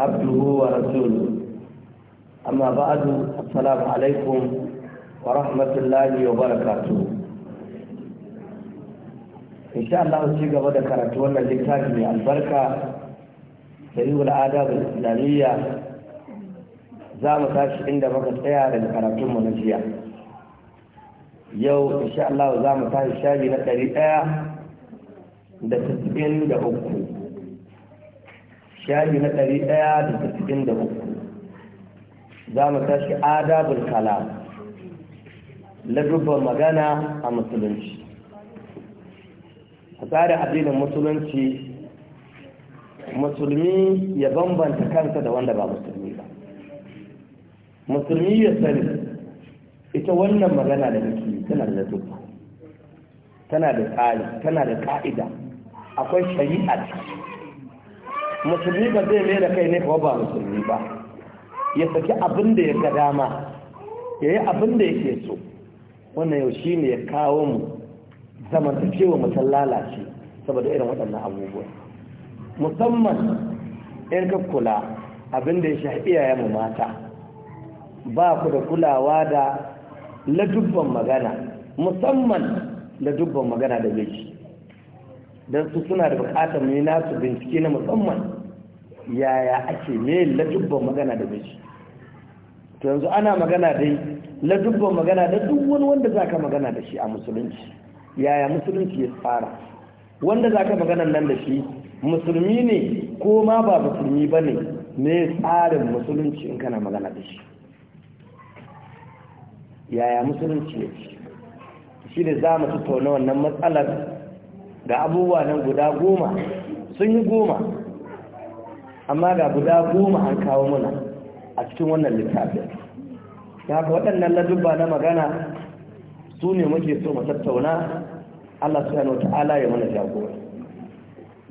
abduhu wa rasul amma ba a du assalamu alaikum wa rahmatullahi wa barakatu insha Allah gaba da karatu wannan littafi mai albarka dari wal adab al islamiyya za mu tashi inda muka tsaya da karatun na jiya yau insha Allah za mu tashi shabi na ɗari ɗaya da tsibin da uku. shari na ɗari ɗaya da tafikin da uku za mu tashi adabul kalam ladubban magana a musulunci a tsarin addinin musulunci musulmi ya bambanta kansa da wanda ba musulmi ba musulmi ya sani ita wannan magana da nake tana da ladubba tana da tsari tana da ka'ida akwai shari'a musulmi ba zai mai da kai ne kawai ba musulmi ba ya saki abin da ya ga dama ya yi abin da ya ke so wannan yau shi ne ya kawo mu zamantakewa mutum lalace saboda irin waɗannan abubuwa musamman in ka kula abin da ya sha iyayen mu mata ba ku da kulawa da ladubban magana musamman ladubban magana da yake don su suna da bukatar ne nasu bincike na musamman yaya ake ne ladubban magana da bishi to yanzu ana magana dai ladubban magana da duk wani wanda za ka magana da shi a musulunci yaya musulunci ya tsara wanda za ka magana nan da shi musulmi ne ko ma ba musulmi ba ne ne tsarin musulunci in kana magana da shi yaya musulunci ya ce shi ne za mu tattauna wannan matsalar ga abubuwa nan guda goma sun yi goma amma ga guda goma an kawo muna a cikin wannan littafin ya haka waɗannan ladubba na magana su ne muke so mu tattauna Allah yana ta'ala ya mana jagora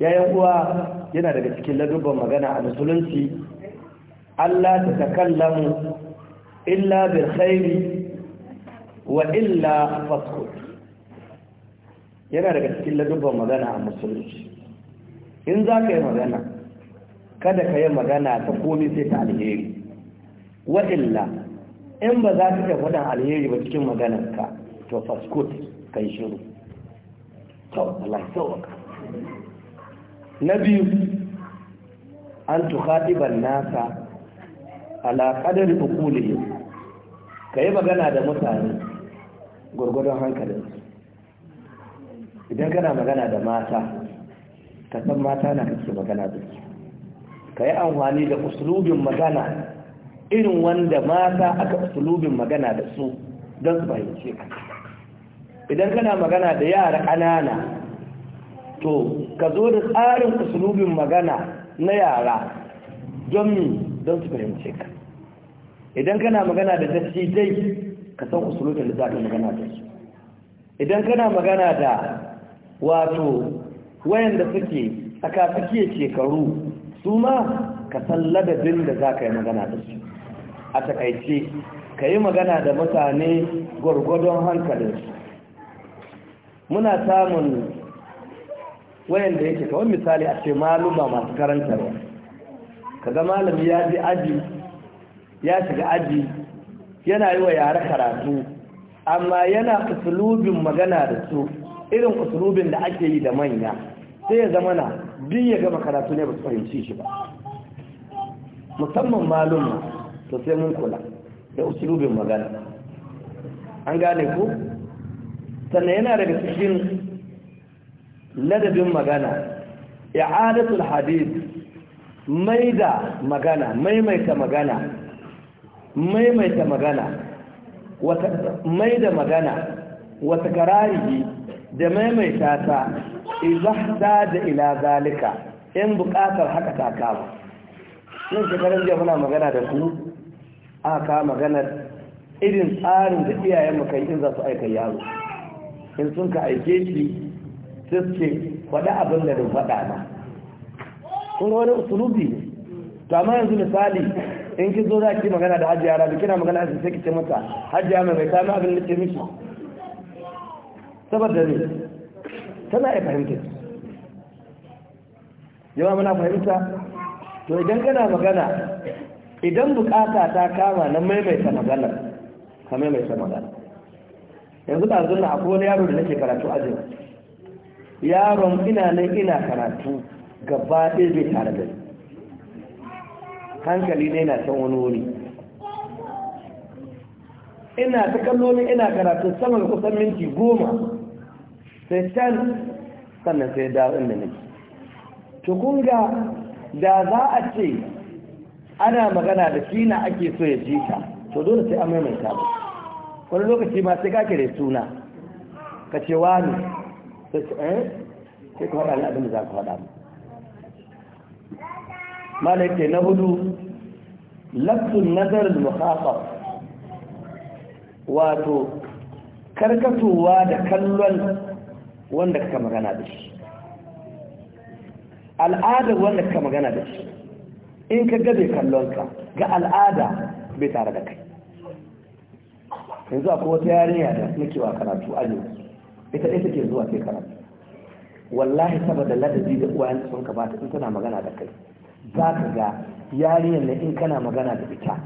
yayin uwa yana daga cikin ladubban magana a musulunci Allah ta takallamu illa bil khairi wa illa fasqut yana daga cikin ladubban magana a musulunci in za ka yi magana kada ka yi magana ta komi sai ta alheri wa'illa in ba za ka iya faɗin alheri ba cikin maganarka to faskut ka yi shiru kawai Allah ka. na biyu an ɗiban nasa ala qadari ka kai magana da mutane gurgurdan hankalinsu idan kana magana da mata ka san mata na kake magana da su ka yi amfani da usulubin magana irin wanda mata aka usulubin magana da su don su fahimce ka idan kana magana da yara ƙanana to ka zo da tsarin usulubin magana na yara don mi don su fahimce ka idan kana magana da dattijai ka san usulubin da za ka magana da su idan kana magana da wato wayanda suke tsaka suke shekaru su ma ka san ladabin da za ka yi magana da su a takaice ka yi magana da mutane gwargwadon hankalinsu muna samun wayanda yake kawai misali a ce maluma masu karantarwa ga malami ya ji aji ya shiga aji yana yi wa yare karatu amma yana usulubin magana da su irin usulubin da ake yi da manya sai ya zama na biyu ya gama karatu ne ba su fahimci shi ba musamman malum to sai mun kula da usulubin magana an gane ku sannan yana daga cikin ladabin magana i'adatul hadith maida magana maimaita magana maimaita magana wata maida magana wata karari da maimaita ta izahda da ila zalika in bukatar haka ta kama Yin shekarun jiya muna magana da ku aka maganar irin tsarin da iyayen makai in za su aika yaro in sun ka aike shi suke faɗi abin da faɗa na kun ga wani usulubi to amma yanzu misali in ki zo za ki magana da hajji yara da kina magana da sai ki ce mata hajji mai mai kama abin da ke miki saboda ne tana ya fahimta yawa muna fahimta to idan kana magana idan bukata ta kama na maimaita magana ka maimaita magana yanzu da zuna a kowane yaro da nake karatu ajin yaron ina nan ina karatu gaba ɗaya bai tare da hankali ne na can wani wuri ina ta kallo ina karatu sama da kusan minti goma sai can sannan sai dawo inda nake to kun ga da za a ce ana magana da shi na ake so ya ji ka to dole sai an maimaita ba wani lokaci ma sai kake da suna ka ce wani sai ce eh sai ka faɗa ni abin da za ka faɗa mu ke na hudu lafsun nazarin muhaƙar wato karkatowa da kallon wanda ka magana da shi al'adar wanda ka magana da shi in ka gabe kallonka ga al'ada bai tare da kai yanzu akwai wata yarinya da nake wa karatu a yau ita ke zuwa ke karatu wallahi saboda ladabi da uwayen sun ka ta in tana magana da kai za ka ga yarinyar ne in kana magana da ita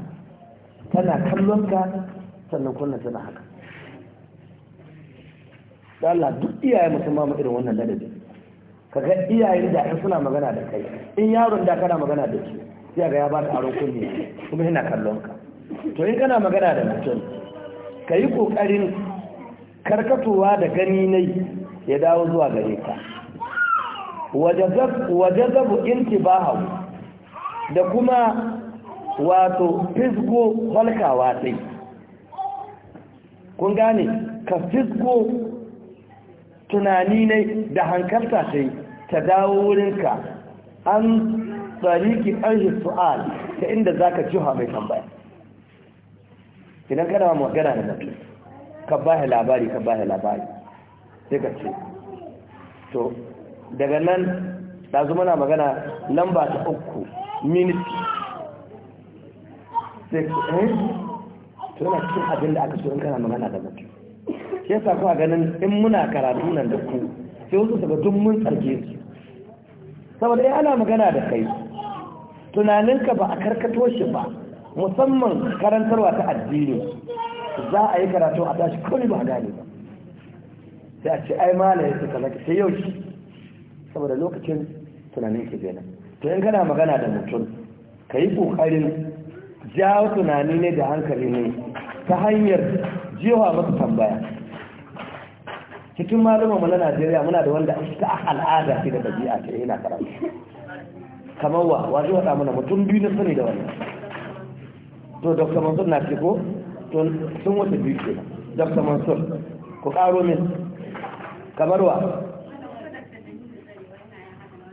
tana kallonka sannan kunna tana haka da Allah duk iyaye mutum ma irin wannan ladabi ga iyayen da in suna magana da kai in yaron da kana magana da shi sai ga ya ba ta aron kunni kuma yana kallon ka to in kana magana da mutum ka yi kokarin karkatowa da gani nai ya dawo zuwa gare ka wajazabu intibahu da kuma wato fisgo halkawa sai kun gane ka fisgo tunani ne da hankalta ta yi ta dawo wurinka an tsariki ƙarshe su'al ta inda za ka juha mai tambaya idan kana magana da mutum ka ba labari ka ba labari sai ka ce to daga nan ɗazu mana magana lamba ta uku miniti sai ka eh to yana cikin abin da aka so in kana magana da mutum shi yasa kuma ganin in muna karatu nan da ku sai wasu ga duk mun tsarki su saboda ya ana magana da kai tunaninka ba a karkato shi ba musamman karantarwa ta addini za a yi karatu a tashi kawai ba gane ba sai a ce ai mala ya suka zaki sai yau shi saboda lokacin tunanin ki nan to in kana magana da mutum ka yi kokarin jawo tunani ne da hankali ne ta hanyar jewa masu tambaya cikin malumar mu na Najeriya muna da wanda ta al'ada ce da dabi'a ce yana karatu kamar wa waje wata mana mutum biyu na sani da wani. to Dr. Mansur na ciko, ko to sun wata biyu ke Dr. Mansur ku karo min kamar wa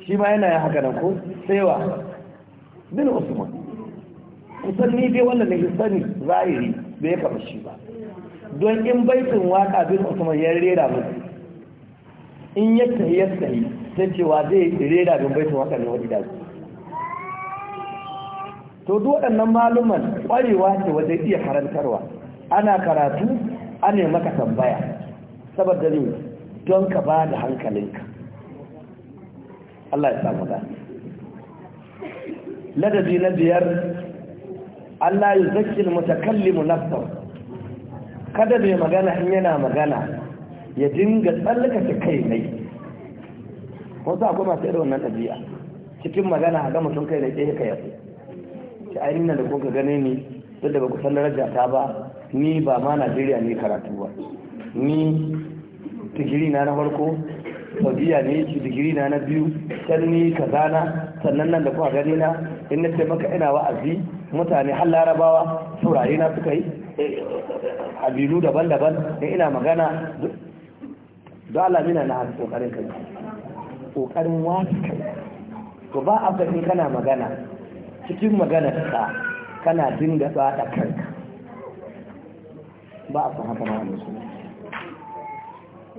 shi ma yana yin haka nan ko sai wa bin Usman kusan ni dai wannan da sani zahiri bai kama shi ba don in baitin waka bin Usman ya rera musu in ya tahi ya tahi zan cewa zai da don bai wakar na wani dazu to duk waɗannan maluman ƙwarewa ce wajen iya karantarwa ana karatu ana yi maka tambaya saboda ne don ka ba da hankalinka Allah ya samu da ladabi na biyar Allah ya zakkin mutakallimu nafsa kada mai magana in yana magana ya dinga tsallakace kai mai wasu akwai masu irin wannan ɗabi'a cikin magana a gama sun kai da ke ka yasu ta ainihin da kuka gane ni duk da baku san daraja ta ba ni ba ma najeriya ne karatu ba ni digiri na na farko saudiya ne ci digiri na na biyu can ni kazana sannan nan da kuka gani na in na ce maka ina wa'azi mutane har larabawa saurare na suka yi eh, habilu daban-daban in ina magana dala mina na haka kokarin kai kokarin wa to ba a in kana magana cikin magana ka kana dinga tsada kanka ba a san haka na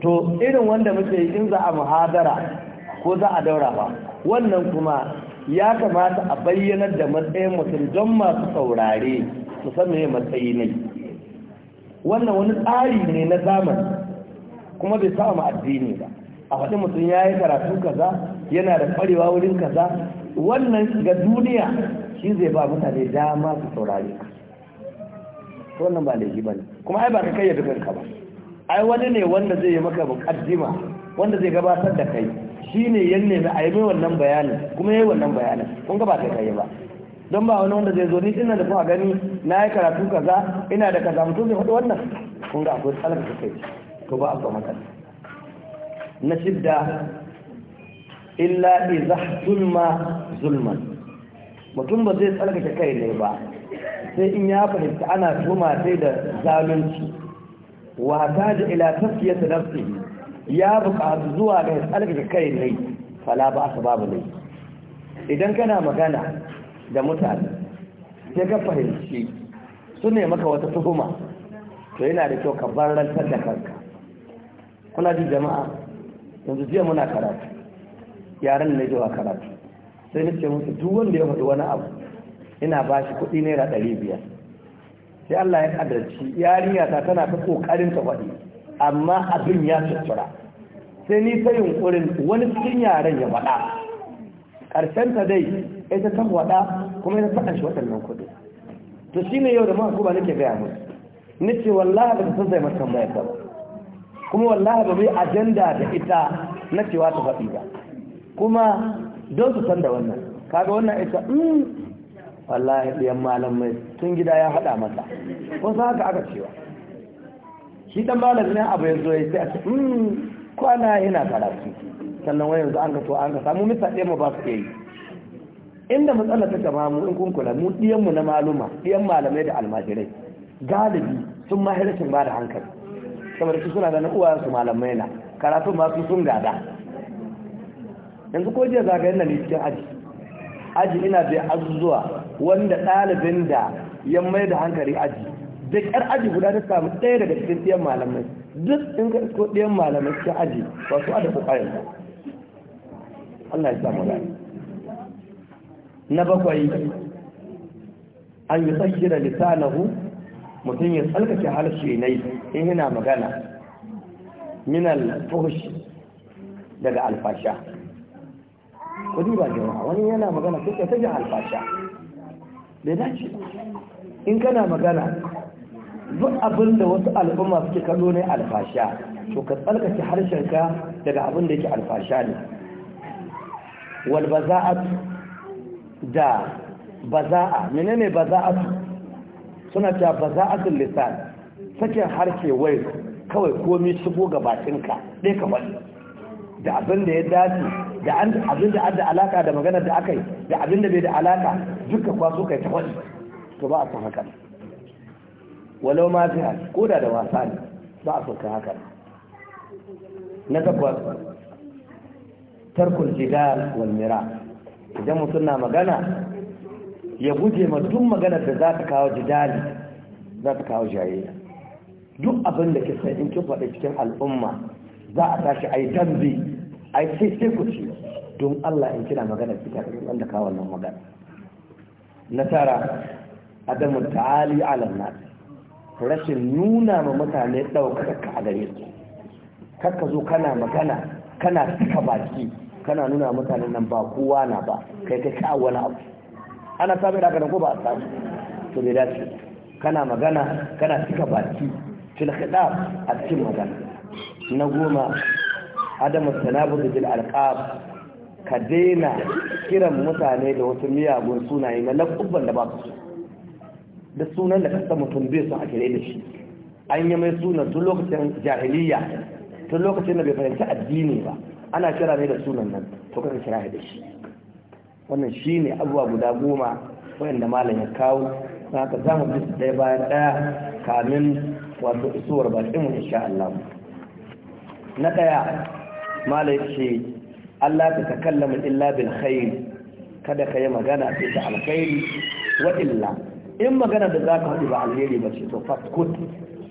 to irin wanda muke yi in za a muhadara ko za a daura ba wannan kuma ya kamata a bayyanar da matsayin mutum don masu saurare musamman ya matsayi ne wannan wani tsari ne na zamani kuma bai sa ma addini ba a faɗi mutum ya yi karatu kaza yana da ƙwarewa wurin kaza wannan ga duniya shi zai ba mutane dama su saurare ka to wannan ba laifi bane kuma ai ba ka kai dukkan ka ba ai wani ne wanda zai yi maka muqaddima wanda zai gabatar da kai shine yanne a ai mai wannan bayanin kuma yayi wannan bayanin kun ga ba ka kai ba don ba wani wanda zai zo ni ina da kuma gani na yi karatu kaza ina da kaza mutum zai faɗi wannan kun ga akwai tsalar da kai to ba a so haka na shidda illa iza zulma zulman mutum ba zai tsarkake kai ne ba sai in ya fahimta ana tuma sai da zalunci wata da ila ya nafsi ya buƙatu zuwa ga tsarkake kai ne fala ba aka babu ne idan kana magana da mutane sai ka fahimci su ne maka wata tuhuma to yana da kyau ka barantar da kanka kuna ji jama'a yanzu jiya muna karatu yaran na zuwa karatu sai na ce musu duk wanda ya faɗi wani abu ina ba shi kuɗi naira ɗari biyar sai Allah ya kadarci yarinya ta tana ta kokarin ta faɗi amma abin ya tuttura sai ni ta yunkurin wani cikin yaren ya faɗa ƙarshen ta dai ita ta faɗa kuma ita faɗa shi waɗannan kuɗi to shine yau da ma ba nake gaya musu nace wallahi ba ta san zai mata tambaya ba kuma wallahi ba mai ajanda da ita na cewa ta faɗi ba kuma don su san da wannan kaga wannan ita in mm, wallahi ɗiyan malamai tun gida ya haɗa masa, kun san haka aka cewa shi ɗan malam ne abu ya zo ya sai a ce in mm, kwana yana karatu sannan wani yanzu an ka to an ka samu mista ɗaya mu ba su yi inda matsalar ta jama'a mu in kun kula mu ɗiyanmu na maluma ɗiyan malamai da almajirai galibi sun mahirashin ba da hankali kamar su suna na uwa su malamai na karatu ma su sun gada yanzu ko jiya yana ne cikin aji aji ina bai azuzuwa wanda ɗalibin da ya mai da hankali aji da ƙyar aji guda ta samu ɗaya daga cikin ɗiyan malamai duk in ka isko ɗiyan malamai cikin aji ba su ada ƙoƙarin ba Allah ya samu da na bakwai an yi tsakiyar lisanahu mutum ya tsarkake harshe ne in yana magana minal fuhush daga alfasha kudi ba jama'a wani yana magana sai ta ji alfasha bai dace in kana magana duk abin da wasu al'umma suke kallo ne alfasha to ka tsarkake harshenka daga abin da yake alfasha ne wal baza'at da baza'a menene baza'a suna ta ba za a lisan sakin harke wai kawai komi shigo ga bakinka ɗai ka bari da abin da ya dace da abin da da alaka da magana da aka yi da abin da bai da alaka duka kwaso kai ta faɗi to ba a san haka walau ma ta ko da da wasa ne ba a son haka na takwas tarkul jidal wal mira idan mutum na magana ya guje ma duk maganar da za ta kawo jidali za ta kawo jayayya duk abin da kisa in kin faɗa cikin al'umma za a tashi a yi dambe a yi sai sai ku ci don Allah in kina magana kita da wanda kawo wannan magana tara adamu ta'ali ala nas rashin nuna ma mutane ɗaukaka a gare su kakka zo kana magana kana saka baki kana nuna mutanen nan ba kowa na ba kai ka sha wani abu ana samun da haka ko ba a samu to bai dace kana magana kana cika baki fil khidab a cikin magana na goma adamu Sanabu, da jil alqab ka daina kiran mutane da wasu miyagun sunaye na lakubban da ba su da sunan da kasa mutum bai son a kire da shi an yi mai sunan tun lokacin jahiliya tun lokacin da bai fahimci addini ba ana kira ne da sunan nan to kaka kira da shi wannan shi ne abubuwa guda goma wayanda malam ya kawo na haka za mu bisa ɗaya bayan ɗaya kamin wato isowar bakin mu insha Allah na ɗaya malam ce Allah ta takallama illa bil khair kada ka yi magana sai ta alkhairi wa illa in magana da zaka haɗu ba alheri ba ce to fatkut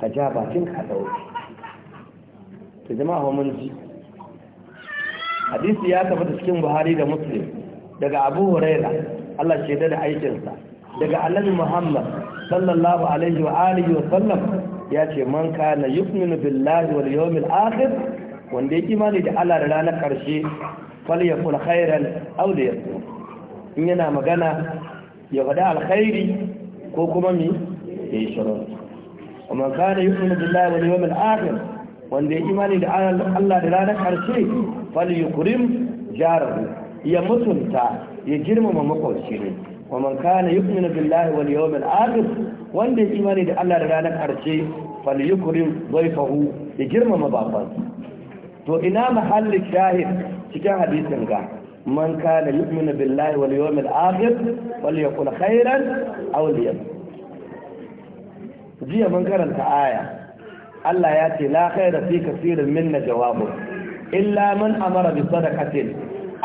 ka ja bakin ka jama'a mun ji hadisi ya tabbata cikin Buhari da Muslim daga abu huraira Allah ce da aikinsa daga annabi muhammad sallallahu alaihi wa alihi wa sallam ya ce man kana yu'minu billahi wal yawmil akhir wanda yake imani da Allah da ranar karshe fal falyakul khairan aw liyasmut in yana magana ya faɗi alkhairi ko kuma mi ya yi shiru. Man yayi shirin ومن كان يؤمن بالله واليوم الآخر وان دي إيماني دعا الله دلانا كرسي فليكرم جاره ya mutunta ya girmama makwabci ne wa man kana yu'minu billahi wal yawmil akhir wanda ya imani da Allah da ranar karshe falyukrim dhayfahu ya girmama babansa to ina mahallin shahid cikin hadisin ga man kana yu'minu billahi wal yawmil akhir falyakul khairan aw liyakul jiya man karanta aya Allah ya ce la khaira fi kaseerin min najawabu illa man amara bi sadaqatin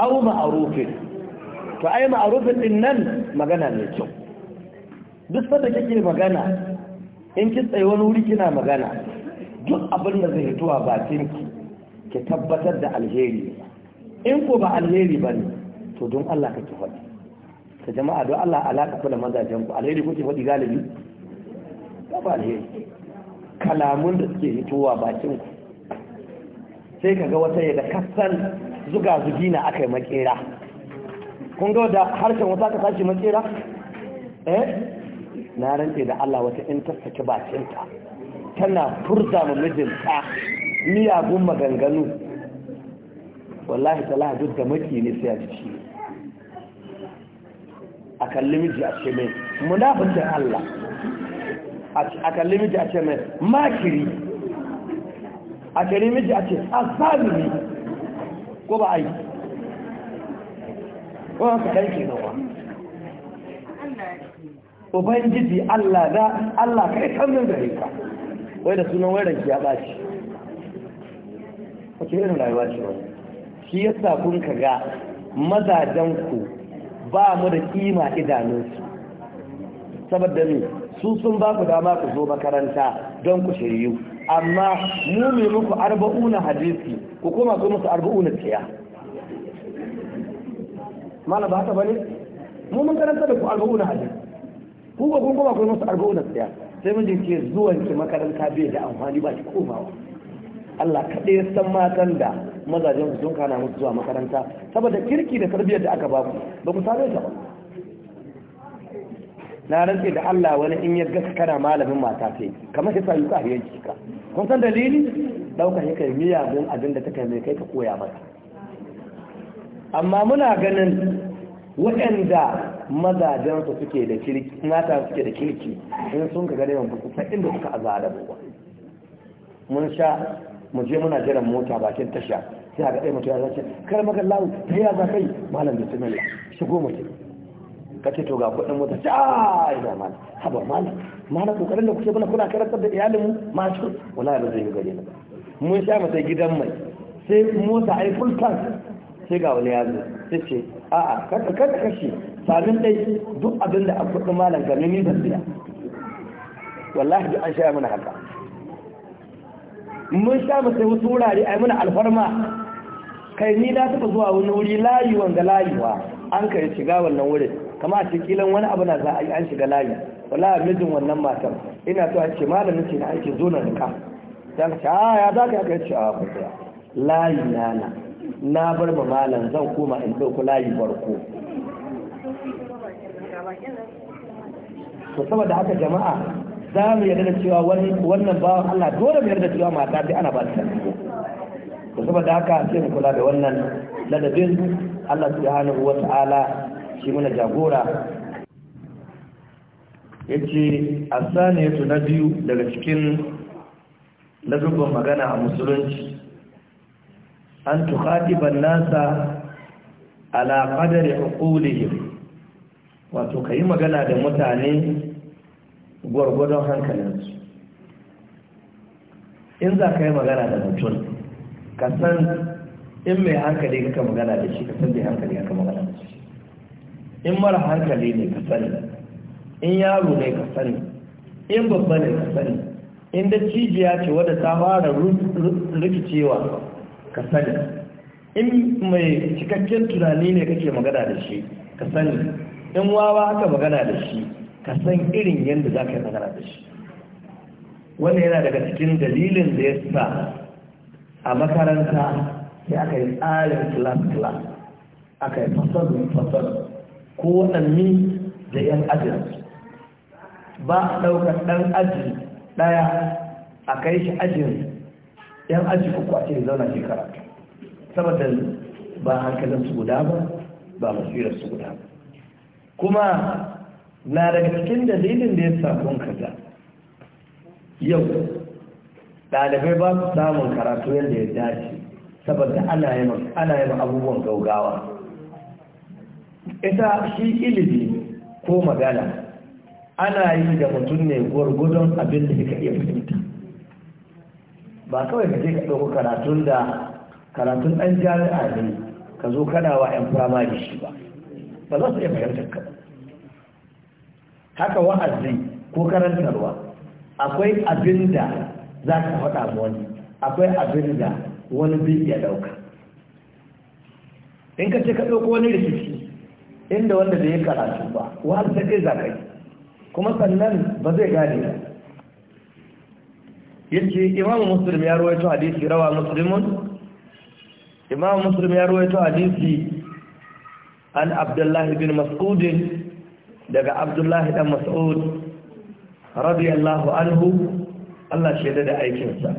au ma'arufin to ai ma'arufin din nan magana mai kyau duk sanda kike magana in ki tsaye wani wuri kina magana duk abin da zai hito a bakin ki ki tabbatar da alheri in ko ba alheri bane to don Allah kake faɗi ta jama'a don Allah alaka ku da mazajen ku alheri kuke faɗi galibi ba ba alheri kalamun da suke hitowa bakin ku sai kaga wata ya da kasan zuga zugi na aka yi makera kun ga da harshen wata ka tashi makera eh na rance da Allah wata in ta saki bakinta tana furza ma mijinta miyagun maganganu wallahi ta lahadu da maki ne sai a ji a kalli miji a ce mai munafikin Allah a kalli miji a ce mai makiri a kalli miji a ce azalimi ko ba a yi ko an kaɗan ke nawa ubangiji Allah da Allah kai kamun da rika wai da sunan wai ranki ya ɓaci wace irin rayuwa ce wani shi yasa kun ka ga mazajenku ba mu da kima idanunsu saboda ne su sun ba ku dama ku zo makaranta don ku shiryu amma mu mai muku arba'una hadisi ku koma ku musu arba'una tsiya mana ba haka bane mu mun karanta da ku arba'una hadisi ku ba kun koma ku musu arba'una tsiya sai mun jinke zuwan ki makaranta bai da amfani ba ki komawa Allah kaɗai ya san matan da mazajen su sun kana musu zuwa makaranta saboda kirki da tarbiyyar da aka ba ku ba ku same ta ba na rantsi da Allah wani in ya gaska kana malamin mata ce kamar sai sai ka ya ka kun san dalili daukar shi kai gun abin da take mai kai ka koya mata amma muna ganin waɗanda mazajen su suke da kirki mata suke da kirki in sun ka gane mun sai inda suka azara ba mun sha mu je muna jiran mota bakin tasha sai ga ɗaya mutum ya zace kar maka lawo ta yi a kai malam bismillah shigo mutum ka ce to ga kuɗin mota ce a ina mana haba mana mana kokarin da kuke bana kuna karantar da iyalin mu ma shi wallahi ba zai yi gare ni ba mun sha mata gidan mai sai mota ai full tank sai ga wani yazo sai ce a a kada kada kashi sabin dai duk abin da akwai kuɗin malam ga ni ban biya wallahi duk an sha mana haka mun sha mata wasu wurare ai mana alfarma kai ni na taɓa zuwa wani wuri layuwan ga layuwa an kai shiga wannan wurin kama a cikin wani abu na za a yi an shiga layi wala mijin wannan matan ina so a ce malamin ce na aiki zo na nika dan ce a ah, ya za ka yi aka ce a ah, kusa layi na na na bar ma malam zan koma in ɗauko layi barko to saboda haka jama'a za mu yarda da cewa wannan bawan Allah dole mu yarda da cewa mata dai ana ba ta to saboda haka sai mu kula da wannan ladabin Allah subhanahu wa ta'ala shi mana jagora Ya ce sani asaniyatu na biyu daga cikin ladubban magana a musulunci an tukhatiban nasa ala qadari uqulihim wato yi magana da mutane gwargwadon hankalinsu in za ka yi magana da mutum ka san in mai hankali kaka magana da shi ka san bai hankali kaka magana da shi in mara hankali ne ka sani in yaro ne ka sani in babba ne ka sani in da cijiya ce wadda ta fara rikicewa ka sani in mai cikakken tunani ne kake magana da shi ka sani in wawa haka magana da shi ka san irin yadda za ka yi magana da shi wannan yana daga cikin dalilin da ya sa a makaranta sai aka yi tsarin class class aka yi fasadun fasadun ko watanni da 'yan ajin ba a ɗaukar ɗan aji ɗaya a kai shi ajin 'yan aji uku a ya zauna shekara saboda ba su guda ba ba su guda ba kuma na daga cikin dalilin da ya sakon kaza yau ɗalibai ba su samun karatu yadda ya dace saboda ana yi abubuwan gaugawa ita shi ilimi ko magana ana yi da mutum ne gwargwadon abin da ka iya fahimta ba kawai ka je ka ɗauko karatun da karatun ɗan jami'a ne ka zo kana wa 'yan firamare shi ba ba za su iya fahimtar ka ba haka wa'azi ko karantarwa akwai abin da za ka faɗa wani akwai abin da wani bai iya ɗauka in ka ce ka ɗauko wani rikici inda wanda da ya karatu ba wahal ta za kai kuma sannan ba zai gane ba yace imamu muslim ya rawaito hadisi rawa muslimun imamu muslim ya rawaito hadisi an abdullahi bin mas'ud daga abdullahi dan mas'ud radiyallahu anhu Allah shaida da aikinsa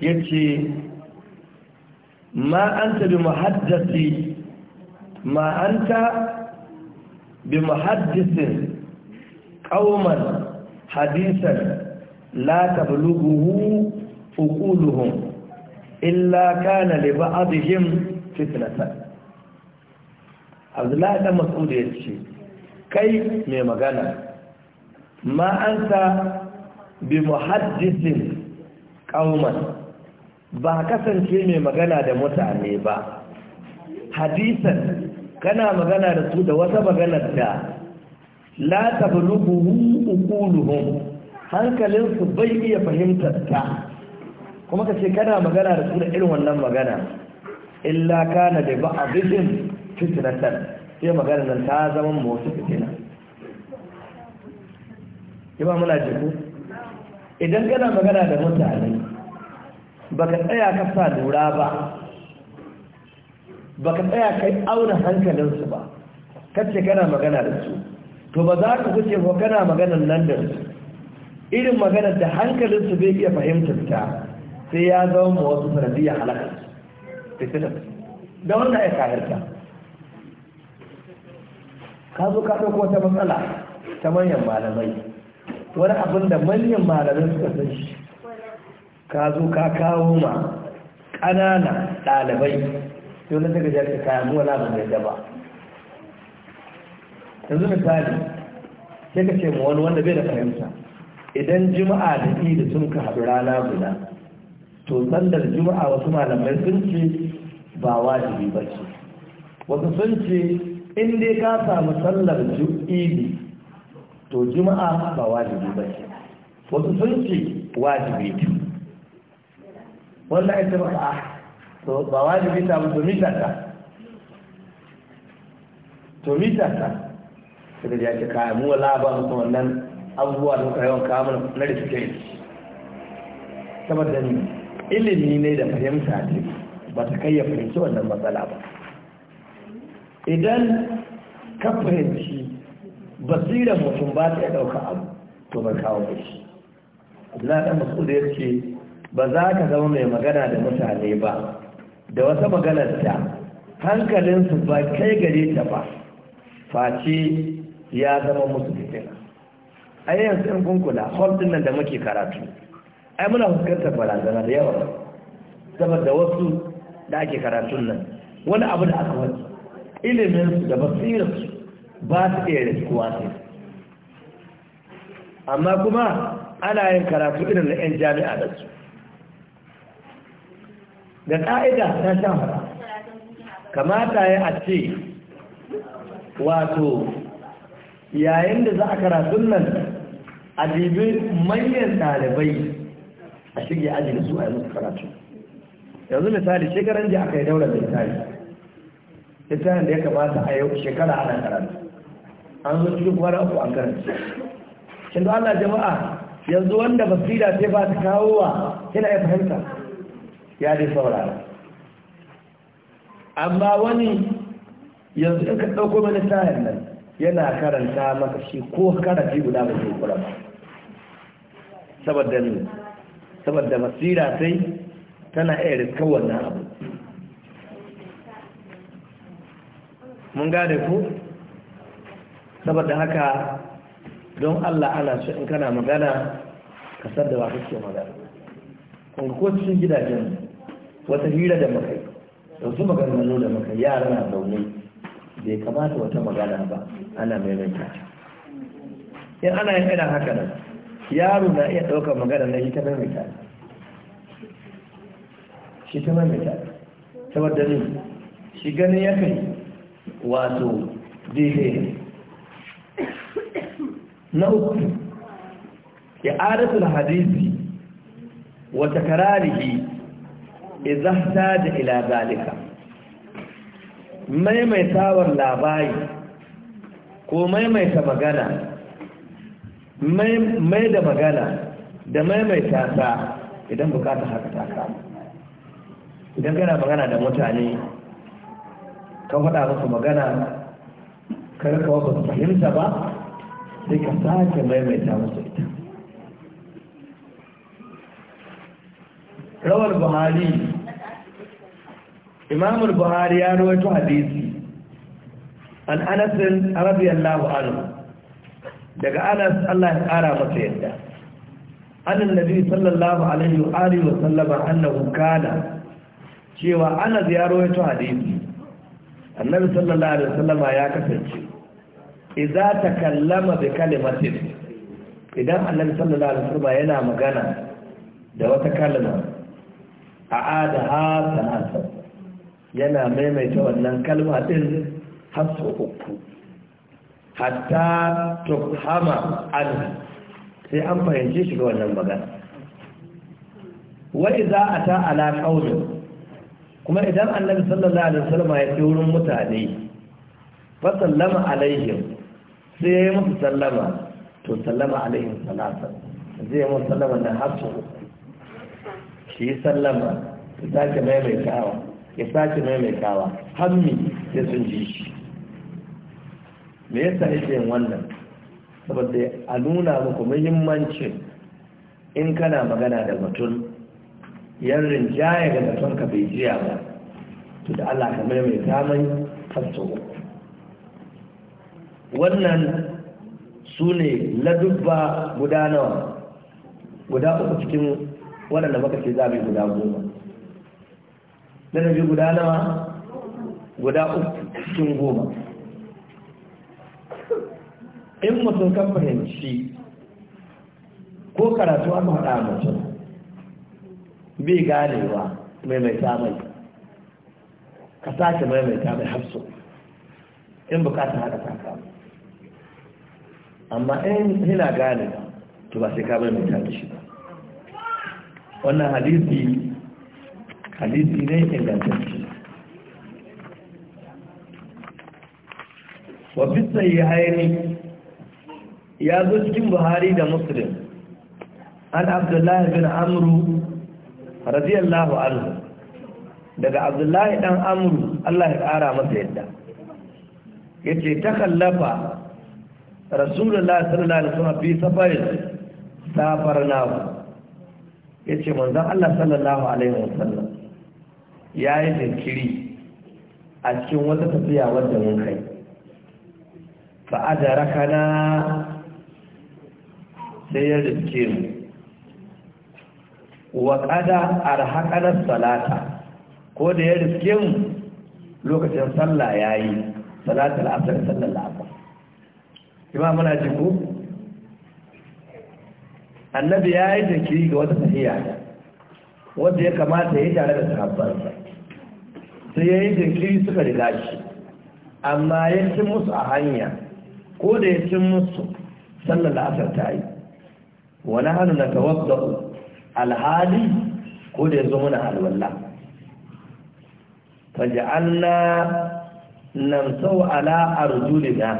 yace ma anta bi muhaddasi ma anta bi muhaddisin ƙauman hadisan la tablughu uquluhum illa kana li ba'dihim fitnatan Abdullahi dan Mas'ud ya kai mai magana ma anta bi muhaddisin ƙauman ba kasance mai magana da mutane ba hadisan kana magana da su da wata maganar da la tablughu uquluhum hankalin su bai iya fahimtar ta kuma kace kana magana da su da irin wannan magana illa kana da ba'dhin fitnatan sai magana nan ta zama motsi fitina kuma muna jiku idan kana magana da mutane baka tsaya ka sa lura ba ba ka tsaya kai auna hankalinsu ba kacce kana magana da su to ba za ka kuce ko kana maganar nan da su irin maganar da hankalinsu bai iya fahimtar ta sai ya zama ma wasu sanadiyar halakar fitinar da wannan ya ta ka zo ka ɗauko wata matsala ta manyan malamai wani abin da manyan malamai suka san shi ka zo ka kawo ma ƙanana ɗalibai yau wani daga jaki kayan mu wala ban yadda ba yanzu misali sai ka ce wani wanda bai da fahimta idan juma'a da idi sun ka haɗu rana guda to sandar juma'a wasu malamai sun ce ba wajibi ba ce wasu sun ce in dai ka samu sallar idi to juma'a ba wajibi ba ce wasu sun ce wajibi wannan ita ba a to ba wajibi ta mu to mita ta to mita ta sai da ya ce kai mu wala ba mu wannan abubuwa da muka yawan kawo mana na rikice saboda ni ilimi ne da fahimta ne ba ta kai ya fahimci wannan matsala ba idan ka fahimci basira mutum ba ta ya ɗauka abu to bai kawo ba shi na dan masu da ce ba za ka zama mai magana da mutane ba da wata maganar ta hankalinsu ba kai gare ta ba face ya zama musu fitina a yanzu in kunkula hordin nan da muke karatu ai muna fuskantar barazana da yawa saboda wasu da ake karatun nan wani abu da aka wani iliminsu da basirin ba su iya riskuwa ne amma kuma ana yin karatu irin na 'yan jami'a da su da ƙa'ida ta sha kamata ya a ce wato yayin da za a karatun nan a dibi manyan ɗalibai a shige aji da su a yi musu karatu yanzu misali shekaran ji aka yi daular littafi littafin da ya kamata a yau shekara ana karatu an zo cikin kwana uku an karanta shi da Allah jama'a yanzu wanda basira ce ba ta kawo wa yana ya fahimta ya dai saurara amma wani yanzu in ka ɗauko mana tayar nan yana karanta maka shi ko karafi guda ba zai kura ba saboda ne saboda masira sai tana iya riskar wannan abu mun gane ku saboda haka don Allah ana so in kana magana ka da wasu kake magana kun ko cikin gidajen wata hira da muka yi yanzu maganganu da muka yara na zaune bai kamata wata magana ba ana maimaita in ana yin irin haka nan yaro na iya ɗaukar magana na shi ta maimaita shi ta maimaita wadda ne shi ganin ya kai wato daidai na uku ya adatul hadisi wata kararihi izahta da ila zalika maimaitawar labari ko maimaita magana mai da magana da maimaita ta idan bukata haka ta kama idan kana magana da mutane ka faɗa musu magana karkawa ba su fahimta ba sai ka sake maimaita musu ita rawar buhari imamul buhari ya rawaito hadisi an anasin radiyallahu anu. daga anas Allah ya kara masa yadda annan nabi sallallahu alaihi wa alihi wa sallama annahu kana cewa anas ya rawaito hadisi annabi sallallahu alaihi wa sallama ya kasance idza takallama bi kalimatin idan annabi sallallahu alaihi wa sallama yana magana da wata kalma ada ha salasa yana maimaita wannan kalma ɗin har uku hatta tukhama an sai an fahimci shi ga wannan magana wa idza ata ala qaumin kuma idan annabi sallallahu alaihi wasallam ya ce wurin mutane fa sallama alaihim sai ya yi musu sallama to sallama alaihim salasa zai yi musu sallama da hasu uku ki yi sallama ki sake maimaitawa ya sake maimaitawa hammi sai sun ji shi me yasa yake yin wannan saboda a nuna muku muhimmanci in kana magana da mutum yan rinjaye ga zaton ka bai jiya ba to da Allah ka maimaita mai fasto uku wannan sune ne ladubba guda nawa guda uku cikin waɗanda muka ce za mu yi guda goma na tafi guda nawa guda uku cikin goma in mutum kan fahimci ko karatu aka haɗa mutum bai ganewa maimaita mai ka sake maimaita mai hafsu in bukata hada ta kama amma in hina gane to ba sai ka maimaita da shi ba wannan hadisi hadisi ne ingantacce wa fi sayyihaini ya zo cikin buhari da muslim an abdullahi bin amru radiyallahu anhu daga abdullahi dan amru Allah ya kara masa yadda yace ta kallafa rasulullahi sallallahu alaihi wasallam fi safarin safarnahu ya ce manzan Allah sallallahu Alaihi wasallam ya yi jinkiri a cikin wata tafiya wadda mun kai raka na sai ya rinke mu wa ƙada arhaƙanar salata ko da ya riske mu lokacin sallah ya yi salatar asar sallar la'afar ima muna jiku annabi ya yi jinkiri ga wata tafiya wadda ya kamata ya yi tare da sahabbansa sai ya yi jinkiri suka riga shi amma ya cin musu a hanya ko da ya cin musu sallar la'asar ta yi wani hannu na tawadda alhali ko da ya zo muna alwallah na nan sau ala na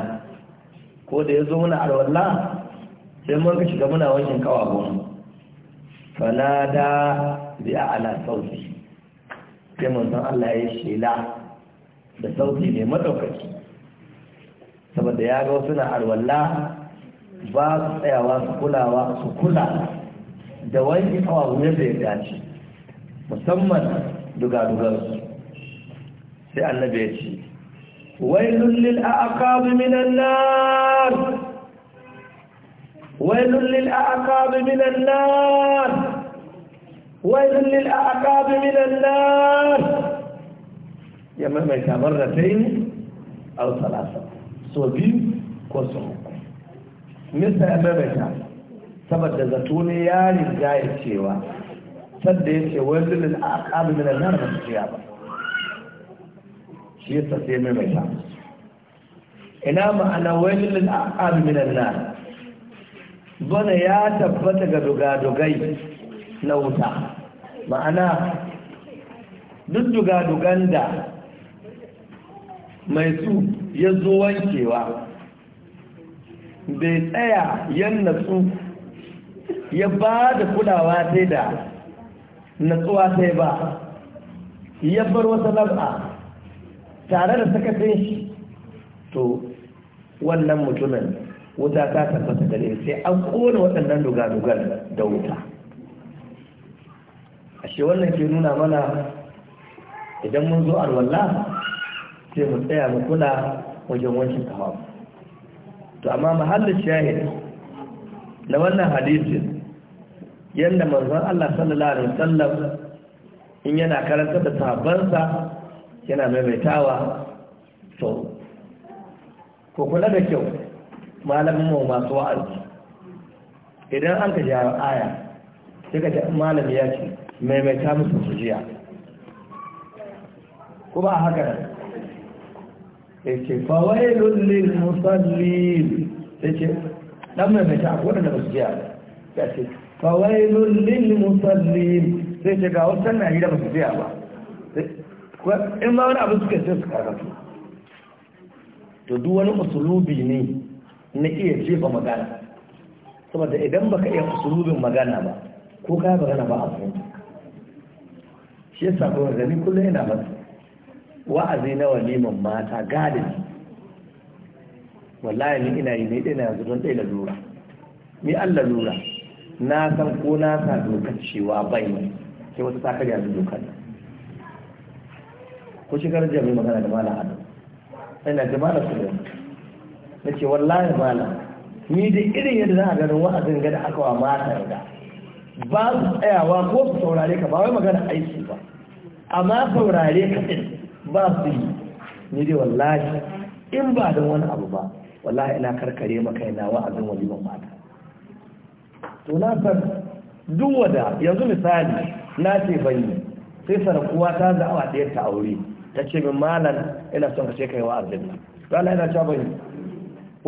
ko da ya zo muna alwallah sai mun shiga muna wajen kawa goma falada bi ala sauti sai manzon Allah ya shela da sauti mai madaukaki saboda ya ga suna alwala ba su tsayawa su kulawa su kula da wani kawa goma da ya dace musamman dugadugarsu sai annabi ya ce wailun lil aqab min nar ويل للأعقاب من النار ويل للأعقاب من النار يا مهما مرتين أو ثلاثة صوبين كوسوكو مثل يا مهما إذا ثبت يا لجاي السيوة سدين ويل للأعقاب من النار من السيابة شيء تسير مهما إنما أنا ويل للأعقاب من النار Bane ya tabbata ga dugadugai na wuta ma'ana duk dugadugan da mai su ya zo wankewa bai tsaya yan natsu ya ba da kulawa sai da natsuwa sai ba ya bar wata lab'a tare da sakatun shi to wannan mutumin wuta ta tabbata gare sai an kone waɗannan dugadugar da wuta ashe wannan ke nuna mana idan mun zo alwallah sai mu tsaya mu kula wajen wancan kawo. to amma mahallin shahid na wannan hadisin yadda manzon Allah sallallahu alaihi wasallam in yana karanta da sabansa yana maimaitawa to ko kula da kyau malamin mu masu wa'azi idan an ka jawo aya sai ka malami ya ce maimaita musu sujiya ko ba haka nan ya ce fawailun lil musallin sai ce dan maimaita a wadanda ba su jiya ya ce fawailun lil musallin sai ce ga wasu na yi da ba su jiya ba in ma wani abu suka ce su karatu to duk wani musulubi ne na iya jefa magana saboda idan baka iya usulubin magana ba ko ka magana ba a fahimta shi yasa ko gani kullum yana ba wa'azi na waliman mata gadin wallahi ni ina yi ne ɗaya yanzu don ɗaya lura ni Allah lura na san ko na sa dokar cewa bai ne sai wata ta karya su dokar ko shekarar jami'in magana da malam adam ina da malam su ta ce wallahi malam ni da irin yadda za a ganin wa'azin gada aka wa mata da ba su tsayawa ko su saurare ka ba wai magana aiki ba amma saurare ka din ba su yi ni dai wallahi in ba don wani abu ba wallahi ina karkare maka yana wa'azin waliman mata to na san duk wada yanzu misali na ce ban yi sai sarakuwa ta za'awa ɗaya ta aure ta ce min malam ina son ka ce kai wa'azin ba ina cewa ban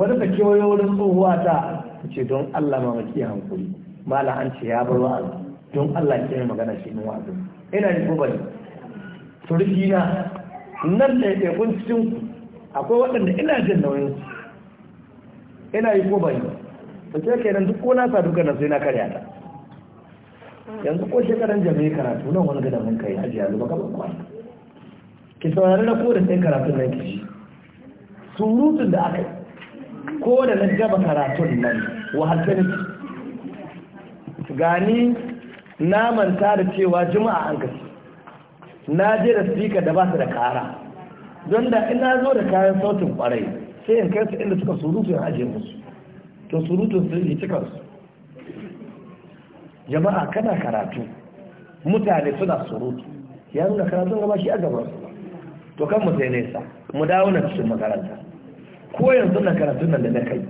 wani ta kewayo wurin tsohuwa ta ce don Allah ma maki hankuri mala an ce ya bar wa'azi don Allah ke mai magana shi min wa'azi ina ni ko bane turki na nan da ya kun cikin akwai waɗanda ina jin nauyin su ina yi ko bane ce ke kenan duk ko na sadu duka na sai na karya ta yanzu ko shekaran jami'ai karatu nan wani gada mun kai hajiya zuba gaban kwana ki saurari na ko da sai karatun nan ki ji surutun da aka yi ko da na gaba karatun nan wahalta gani na manta da cewa juma'a an gasu. na je da sika da ba da kara don da ina zo da kayan sautin kwarai sai in kai su inda suka surutu in ajiye musu to surutun su yi cikin jama'a kana karatu mutane suna surutu ya nuna karatun gaba shi a gaban to kan mu sai nesa mu dawo na cikin makaranta ko yanzu na karatun nan da na kai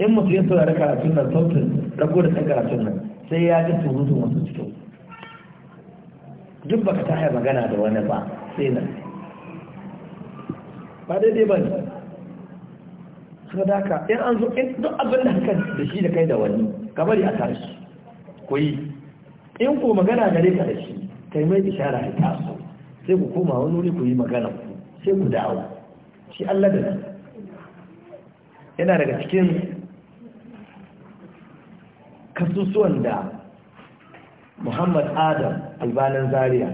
in mutum ya saurari karatun nan sautin rago da san karatun nan sai ya ji surutu wasu cikin duk baka ta haya magana da wani ba sai nan ba daidai ba ne sadaka in an zo in duk abin da haka da shi da kai da wani kamar ya tashi ku yi in ku magana gare ka da shi kai mai ishara ya taso sai ku koma wani wuri ku yi magana ku sai ku dawo shi Allah da yana daga cikin kasusuwan da muhammad adam albanin zaria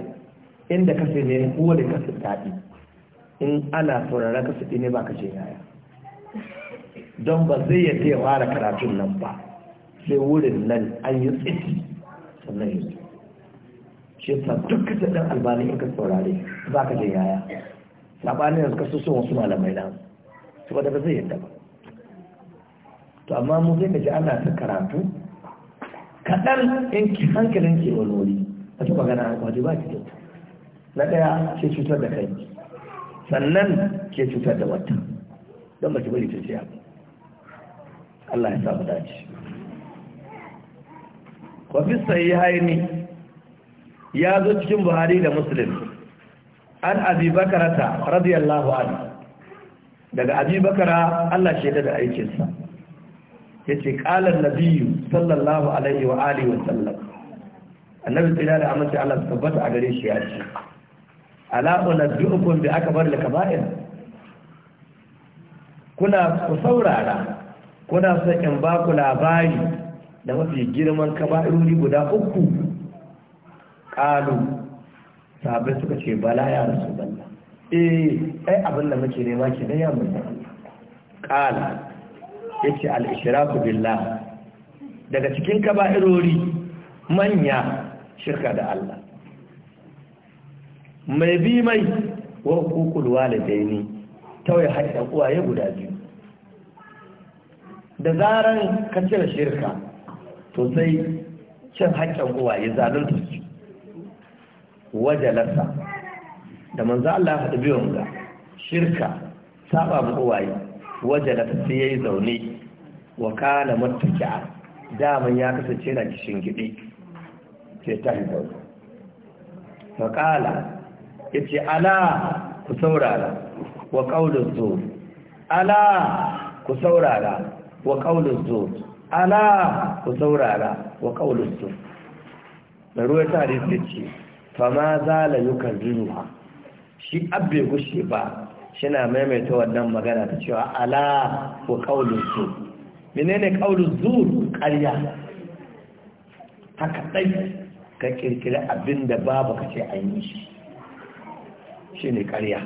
inda kasa ne kuwa da kasa daɗi in ana saurara kasu ne ba ka ce yaya don ba zai ya taya ware karatun nan ba sai wurin nan an yi tsiti sannan yi shi ta duk ta ɗan albanin in ka saurari ba ka ce yaya saɓanin yanzu kasusuwan wasu malamai na su ba da ba zai yadda ba to amma mu zai ka ji ana ta karatu kaɗan in ki hankalin ke wani a wata magana a kwaje ba ki kyauta na ɗaya ke cutar da kai sannan ke cutar da wata don ba ki bari ta ciya Allah ya samu dace fi sayi haini ya zo cikin buhari da muslim an abi bakarata radiyallahu anhu daga abi bakara Allah shaida da aikinsa yace qala an-nabiyyu sallallahu alaihi wa alihi wa sallam annabi tsira da amince Allah tabbata a gare shi ya ce ala unabbiukum bi akbar al-kaba'ir kuna ku saurara kuna son in ba ku labari da mafi girman kaba'iruri guda uku qalu sahabbai suka ce bala ya rasulullah eh ai abin da muke nema kenan ya mutum qala yake al’ishiraku billah daga cikin kaba'irori manya shirka da Allah mai bi mai wa hukukul ta tauye haƙƙin uwaye guda biyu da zarar ka cire shirka to sai cin haƙƙin uwaye zalunta su wajalarsa da manzan Allah ya haɗu biyun ga shirka saba mu uwaye wajalata sai ya yi zaune wa kana matuki'a daman ya kasance na kishin gidi ke ta haifar kala ya ce ala ku saurara wa ƙaunin zuwa ala ku saurara wa ƙaunin zuwa ala ku saurara wa ƙaunin zuwa da ruwa ta rikta ce fama zala yukan zuwa shi abbe gushe ba shi na maimaita wannan magana ta cewa ala ku ƙaunin zuwa menene kaulun zuwa ƙarya haka ɗai ka kirkiri abin da babu ka ce an yi shi shi ne ƙarya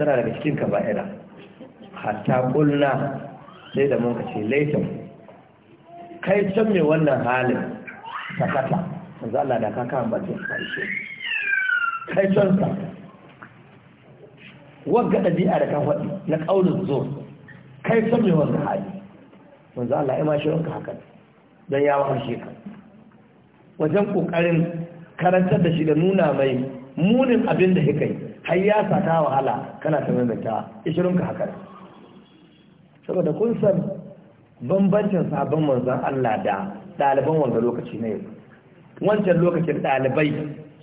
tana daga cikin ka ba'ira hatta ƙulna sai da mun kace ce laifin kai can mai wannan halin sakata yanzu Allah da kaka ba ta karshe kai can sa wagga ɗabi'a da kan faɗi na ƙaunin zuwa kai can mai wannan hali manzo Allah ya ma shi haka dan ya ka wajen kokarin karantar da shi da nuna mai munin abin da hikai har ya sa wahala kana ta maimaita ishirin ka haka saboda kun san bambancin sabon wanzu Allah da ɗaliban wanda lokaci na yau wancan lokacin ɗalibai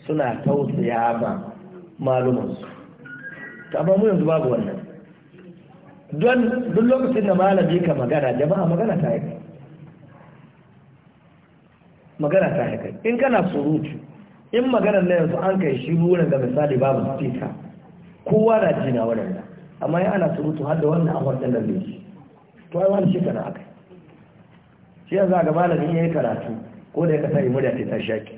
suna tausaya ma malumansu ta ba mu yanzu babu wannan don duk lokacin da malami ka magana jama'a magana ta haikai magana ta haikai in kana surutu in magana na yanzu an kai shi wurin da misali babu speaker kowa na jina wadanda amma ya ana surutu har da wannan awar da zai shi to ai wani shekara akai shi yanzu ga malamin yi karatu ko da ya kasa yi murya ta shaki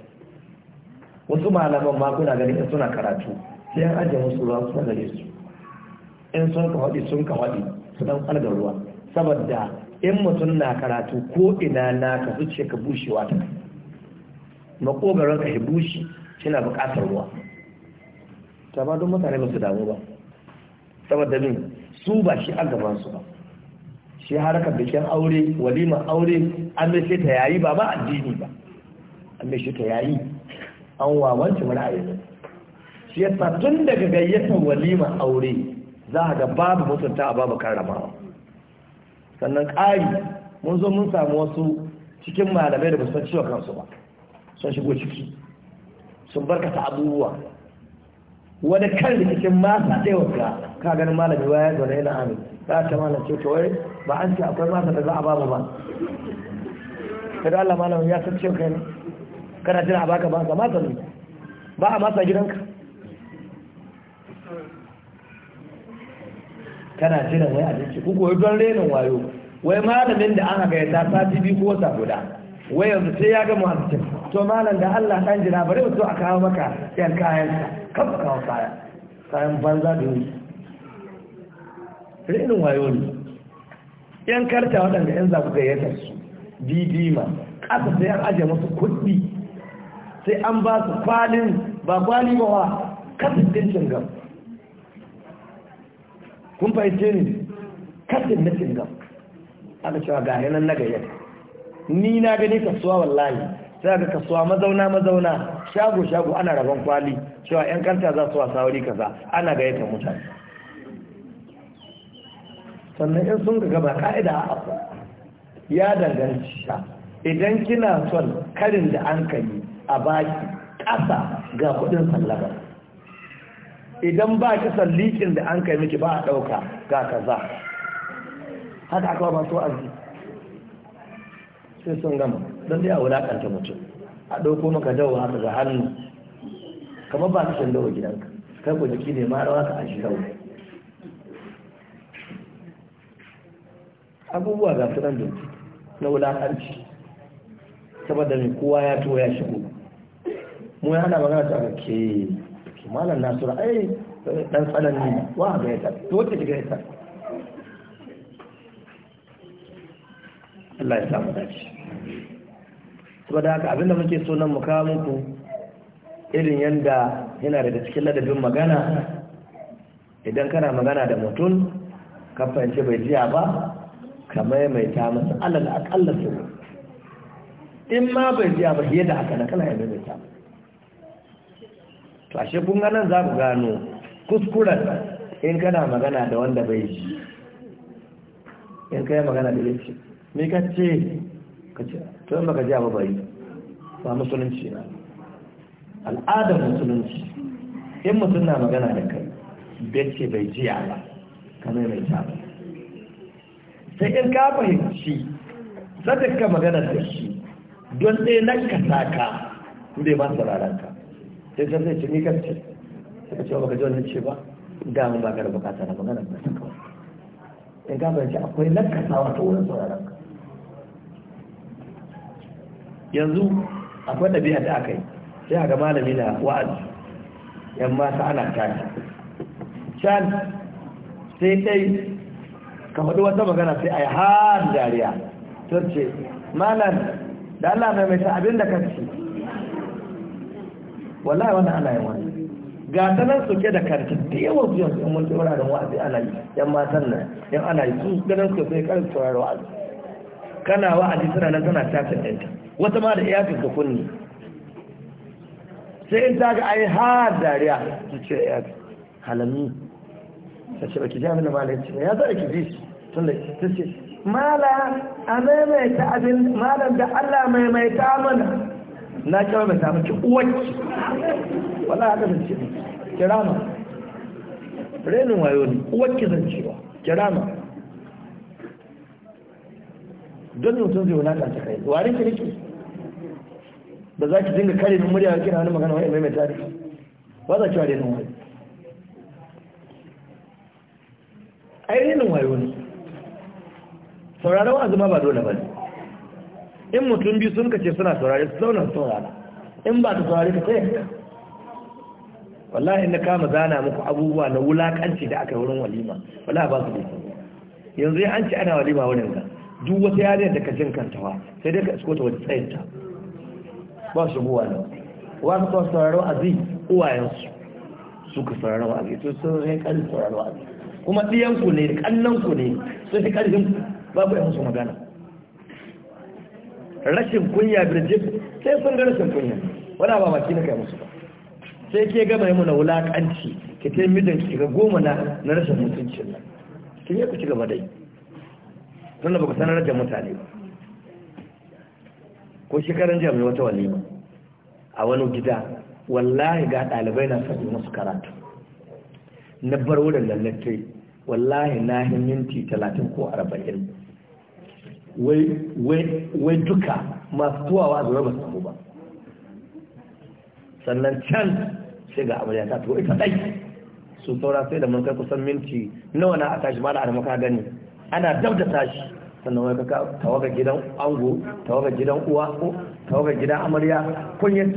wasu malaman ma kuna ganin suna karatu sai an ajiye musu ruwa su gare su in sun ka faɗi sun ka faɗi su dan kwalgar ruwa saboda in mutum na karatu ko ina na ka zuce ka bushewa ta makogaron ka bushe suna buƙatar ruwa ta ba don mutane ba su damu ba saboda min su ba shi a gaban su ba shi harkar bikin aure walimar aure an bai ta yayi ba ba addini ba an bai ta yayi an wawanci mana a yanzu shi yasa tun daga gayyatar walimar aure za a ga babu mutunta a babu karramawa sannan ƙari mun zo mun samu wasu cikin malamai da san ciwon kansu ba sun shigo ciki sun barkata abubuwa wani kan da cikin masa ɗaya ga ka gani malami waya zaune yana amin za ta malam ce to wai ba an ce akwai masa da za a babu ba kada Allah malamin ya san cewa kai ne kana jira a baka ba ka masa ne ba a masa gidanka kana jiran wai abinci ku koyi don renin wayo wai malamin da an ga ya ta sati biyu ko wata guda wai yanzu sai ya gama abincin to malam da Allah dan jira bari mu so a kawo maka yan kayan ka ka kawo kaya kayan banza da yi renin wayo ne yan karta waɗanda yan zaku gayyatar su ma kasa sai an aje musu kuɗi sai an ba su kwalin ba kwali ba wa kasance gaba kun fahimce ni kasin na cingam aka cewa ga yanan na ni na gani kasuwa wallahi sai ga kasuwa mazauna mazauna shago shago ana rabon kwali cewa yan kanta za su wasa wuri kaza ana gayyata mutane sannan 'yan sun ga gaba ka'ida a abu ya danganci idan kina son karin da an kai a baki ƙasa ga kudin sallama idan ba ki sallikin da an kai miki ba a ɗauka ga kaza haka aka ba su arziki sai sun gama don da a wulaƙanta mutum a ɗauko maka dawa haka ga hannu kamar ba ka shan dawa gidanka kai ku jiki ne ma rawa ka an shi abubuwa ga su nan dinki na wulaƙanci saboda mai kowa ya tuwa ya shigo mu ya hana magana ta ke shi malam nasiru ai dan tsanani ne wa ga ya to wacce daga ya Allah ya samu dace saboda haka abinda muke so nan mu kawo muku irin yanda yana daga cikin ladabin magana idan kana magana da mutum ka fahimci bai jiya ba ka maimaita masa alal akalla su in ma bai jiya ba fiye da haka na kana ya maimaita masa to ashe kun ga nan za ku gano kuskuren in kana magana da wanda bai ji in kai magana da yake me ka ce ka ce to in baka ji abu bai ba musulunci na al'adar musulunci in mutum na magana da kai bai ce bai ji ba kamar mai ta ba sai in ka fahimci sadaka magana da shi don ɗaya nan ka saka bai ba ka sai sai zai ce ni kan ce suka ce baka ji wannan ce ba damu ba ka da bukata na magana ba ta kawai in eh, ka ce akwai lakasawa ta wurin sauraron ka yanzu akwai ɗabi'a da aka yi sai a ga malami na wa'azi yan mata ana tashi can sai dai ka faɗi wata magana sai a yi har dariya ce malam da Allah mai mai abin da ka ci wallahi wani ana yin wani ga ta nan soke da karfi da yawan su yanzu in mun ce wuraren wa'azi ana yi yan matan nan yan ana yi su ganin su sai karfi saurari wa'azi kana wa'azi suna nan tana tafin ɗanta wata ma da iyafin da kunni sai in ta ga ai har dariya su ce fi halami ta ce baki jami'in malai ce ya zara ki bi su tun da ta ce mala a maimaita abin malam da allah maimaita mana na kyau ba samu ki uwarki wala haka zance ce kira ma renin wayo ne uwarki zan cewa kira ma don mutum zai wulata ta kai wari ki riki ba za ki dinga kare min murya kira wani magana wani mai tari ba za ki wa renin wayo ai renin wayo ne sauraron azuma ba dole ba ne in mutum biyu sun kace suna saurare su zauna saurara in ba ta saurare ka tsaye wallahi na kama zana muku abubuwa na wulakanci da aka wurin walima wallahi ba su da yanzu ya an ci ana walima wurin ka duk wata yarinya da ka jin kantawa sai dai ka iskota wata tsayinta ba su buwa nan wasu kawai sauraro zai uwayensu su ka sauraro azi to sun rai kan sauraro zai kuma ɗiyanku ne da ƙannanku ne sun fi ƙarfin babu yan su magana rashin kunya birjit sai sun ga rashin kunya wadda ba maki na kai musu ba sai ke gama yi muna wulaƙanci ki ta yi midan ki ga goma na na rashin mutuncin nan ki ne ku ci gaba dai tunda ba ku sanar da mutane ba ko shekarun jami wata walima a wani gida wallahi ga ɗalibai na sabbin musu karatu na bar wurin lallatai wallahi na minti talatin ko arba'in wai duka masu tuwawa zuwa ba samu ba sannan can sai ga amarya ta tuwa ita ɗai su saura sai da mun kai kusan minti nawa na a tashi ba da arma ka gani ana dab da tashi sannan wai kaka tawaga gidan ango tawaga gidan uwa tawaga gidan amarya kun yi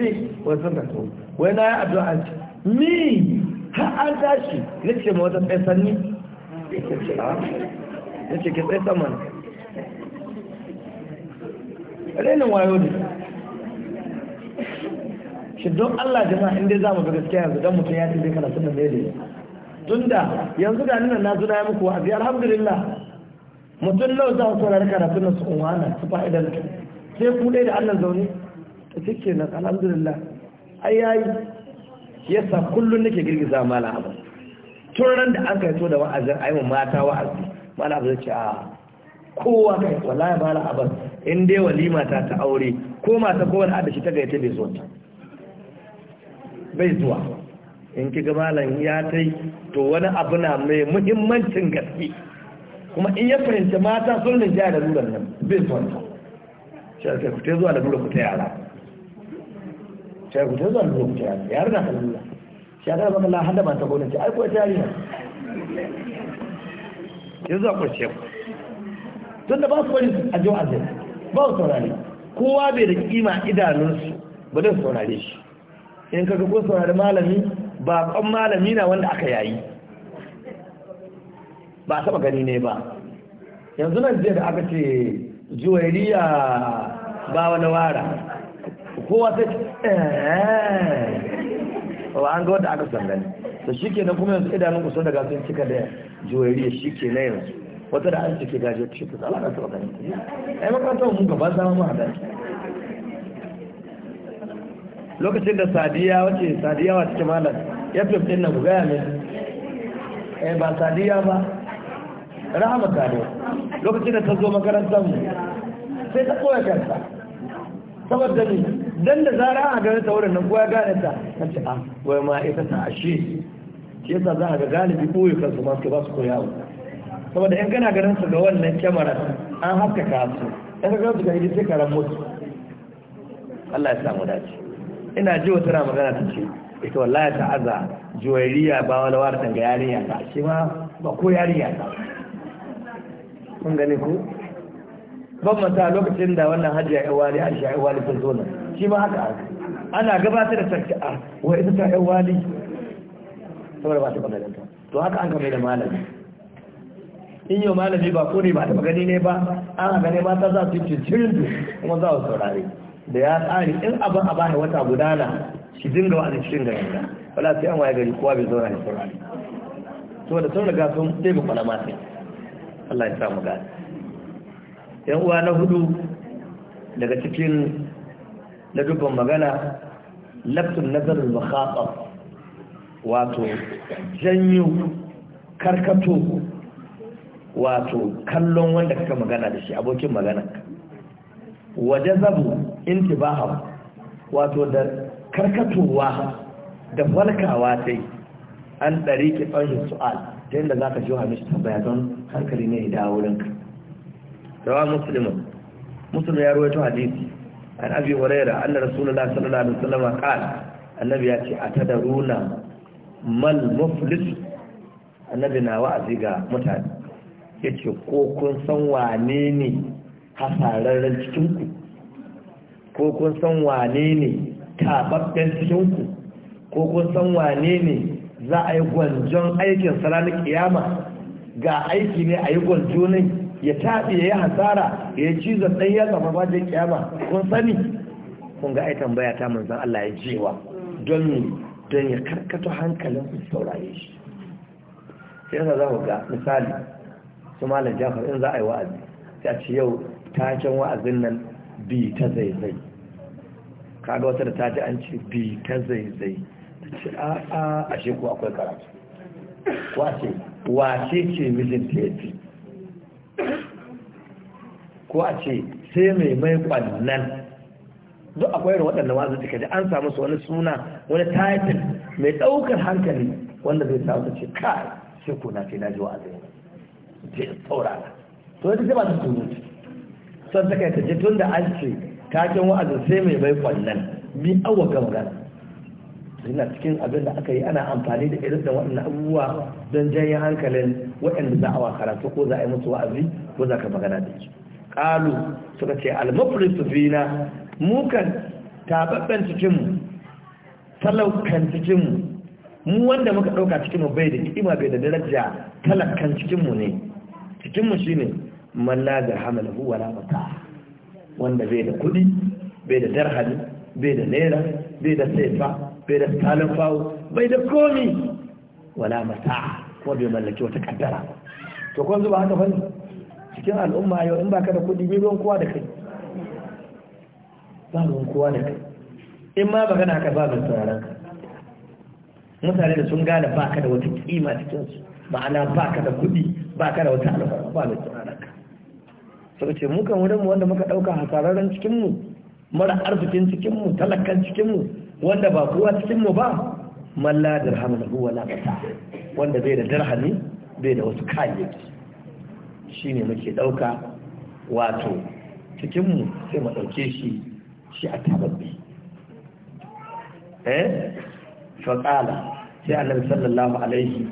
wai sun da su wai na yi addu'a ni Ha an tashi ce ma wata tsaye sanni ce ke tsaye saman renin wayo ne shi don Allah jama'a inda za mu ga gaskiya yanzu don mutum ya ce zai kana da zai tun da yanzu ga nuna na zuna ya muku wa abi alhamdulillah mutum nawa za ku da kana na su unwana su fa'idan sai ku ɗaya da Allah zaune ta cike na alhamdulillah ai yayi yasa kullum nake girgiza mala abu tun ran da an kai to da wa'azin ai mu mata wa'azi mala abu zai ce a'a kowa kai wallahi ba la abar in dai walima ta ta aure ko mata ko wani adashi ta gaita bai zuwa bai zuwa in kiga malam ya tai to wani abu na mai muhimmancin gaske kuma in ya fahimci mata sun jiya da lurar nan bai zuwa ta shirka ku ta zuwa da lura ku ta yara shirka ku ta zuwa da lura ku ta yara yara na halalla shi ba kala hada ba ta ce ai kuwa ta yari na yanzu zuwa kurce ku don da ba su bari a jiwa wa'azin ba su saurari kowa bai da kima idanunsu ba don saurare shi in kaga ko saurari malami ba kan malami na wanda aka yayi ba a saba gani ne ba yanzu nan jiya da aka ce juwairiya ba wani wara kowa sai eh. ba an ga wanda aka sandani da shi kenan kuma yanzu idanun kusur daga sun cika da juwairiya shi kenan yanzu wata da an cike gaje ta shekaru ala na taɓa ganin ai makaranta mun gaba zama mu hada lokacin da sadiya wace sadiya wa take malam ya fi ɗin na gugaya ne eh ba sadiya ba rahama Sadiya. lokacin da ta zo makarantar mu sai ta koya kanta saboda ni dan da zara a ganin ta wurin nan kuwa gane ta ce a ah, wai ma ita ta ashe shi yasa za a ga galibi koyi kansu ma suke ba su koyawa saboda in kana ganin su ga wannan kyamara an ka su Ya ka gansu ga hidi sai karan mutu Allah ya samu dace ina ji wata na magana ta ce ita wallah ya ta'aza. juwairiya ba wani wata ga yariya ta shi ma ba ko yariya ta kun gani ku ban manta lokacin da wannan hajiya ya wali aisha ya wali ta zo nan shi ma haka ana gabatar da sarki'a ah, wa ita ta ya wali saboda ba ta bangaren to haka an kame da malami in yau malami ba ko ne ba taɓa gani ne ba an gani mata za su cincirin su kuma za su saurare da ya tsari in abin a bani wata gudana shi dinga a cikin garin ba wala sai an waye gari kowa bai zauna ya saurare da sun riga sun ɗebe kwana mata Allah ya samu gani yan uwa na hudu daga cikin na dubban magana laftun nazarin makhatsar wato janyo karkato wato kallon wanda kaka magana da shi abokin maganarka waje zabu intibaha wato da karkatowa da farkawa sai an ɗari ki ɗauki su'al ta yadda za ka ji wa mishi tambaya don hankali ne ya dawo wurinka rawa musulman, musulman ya ruwaito hadisi an abi huraira anna rasulullah sallallahu alaihi wasallam qala annabi ya ce atadaruna mal muflis annabi na wa'azi ga mutane ya ce ko kun san wane ne hasararren cikinku ko kun san wane ne tababben cikinku ko kun san wane ne za a yi gwanjon aikin ranar kiyama ga aiki ne a yi gwanjo ne ya taɓi ya yi hasara ya ci zaɗen ya zama bajin kiyama kun sani kun ga aikin baya ta manzan Allah ya jewa don don ya karkato hankalin su saurare shi sai za ku ga misali su malam jafar in za a yi wa'azi sai a ce yau taken wa'azin nan bi ta zaizai kaga wata da ta ji an ce bi ta zaizai ta ce a a a shi akwai karatu wace wace ce mijin ta yafi ko a ce sai mai mai kwannan duk akwai irin waɗannan wa'azin kaji an samu su wani suna wani title mai ɗaukar hankali wanda zai samu ta ce kai sai ko na ce na ji wa'azin je saurara to yadda ba su turutu ta kai ta je tun da an ce wa'azin sai mai bai kwallon bi awa ga yana cikin abin da aka yi ana amfani da irin da waɗannan abubuwa don janye hankalin waɗanda za a wa karatu ko za a yi musu wa'azi ko za ka magana da shi ƙalu suka ce su fi na mukan tababben cikinmu talaukan cikinmu mu wanda muka ɗauka cikinmu bai da kima bai da daraja talakkan cikinmu ne cikinmu shi ne mallaga huwa wala mata wanda bai da kudi bai da darhali bai da naira bai da saifa bai da talin fawo bai da komi wala mata kuma bai mallaki wata kaddara to kun zuba haka fanni cikin al'umma yau in baka da kudi bai ruwan kowa da kai ba ruwan kowa da kai in ma magana na haka ba mai sauraron ka mutane da sun gane baka da wata kima cikinsu ma'ana baka da kudi ba ka da wata alfarma ba mai tsoron ka sau ce muka wurin wanda muka ɗauka hasararren cikinmu mara arzikin cikinmu talakan cikinmu wanda ba kowa cikinmu ba malla dirhamin huwa na ƙasa wanda bai da dirhami bai da wasu kayayyaki shi ne muke ɗauka wato cikinmu sai mu ɗauke shi shi a tababbi eh qala sai annabi sallallahu alaihi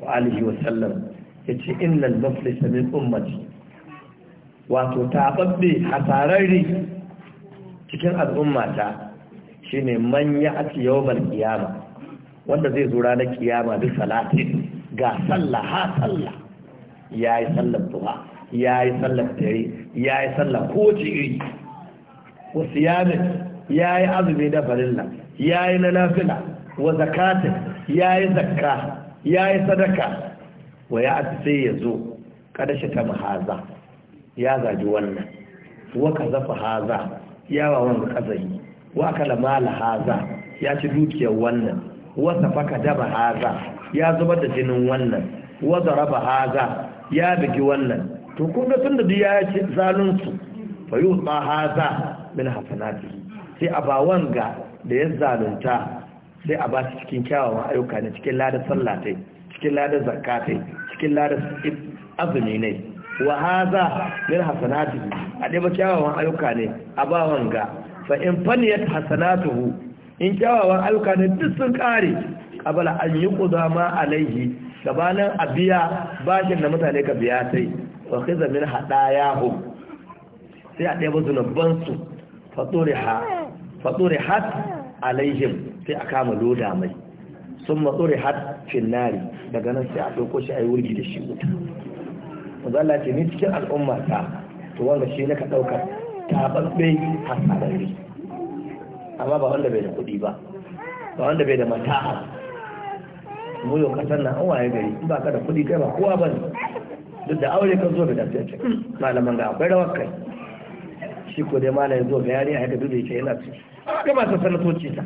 wa alihi wa sallam ya ce inal mafi min ummaci wato taɓaɓɓe tsararri cikin al'ummata shine man ya ati yawmal kiyama wanda zai zo ranar kiyama bi salatin ga sallah ha sallah Ya yi sallar duha yi sallar ya yi sallar kowace iri wa ya yi azumi na farilla yi na nafila wa zakatin yi zakka ya yi sadaka wa ya sai ya zo kada shi ta haza ya zaji wannan wa ka zafa haza ya wa wanga kazai, wa kala mala haza ya ci dukiyar wannan wa ka daba haza ya zubar da jinin wannan wa zaraba haza ya bigi wannan to kun ga tunda duk ya ci zalunsu fa yuhma haza min hasanati sai a ba wanga da ya zalunta sai a ba cikin kyawawan ayyuka ne cikin ladan sallatai cikin ladar zakatai cikin ladar azumi ne wa haza min hasanati a dai ba kyawawan ayyuka ne a bawan ga fa in faniyat hasanatuhu in kyawawan ayyuka ne duk sun kare qabala an yuqda ma alaihi gabanin abiya bashin da mutane ka biya sai wa khiza min hadayahu sai a dai ba zunuban su faturiha faturihat alaihim sai a kama loda mai sun matsuri har finnari daga nan sai a ɗauko shi a yi wurgi da shi wuta manzo ce ni cikin al'umma ta to wanda shi na ka ɗauka a hasararre amma ba wanda bai da kuɗi ba ba wanda bai da mata'a mu yau ka na an waye gari in ba ka da kuɗi kai ba kowa ba duk da aure kan zo da dafiya hmm, malaman ga akwai rawar kai shi ko dai malamin zo ga yari a yadda duk da yake yana ciki ba masu sanatoci ta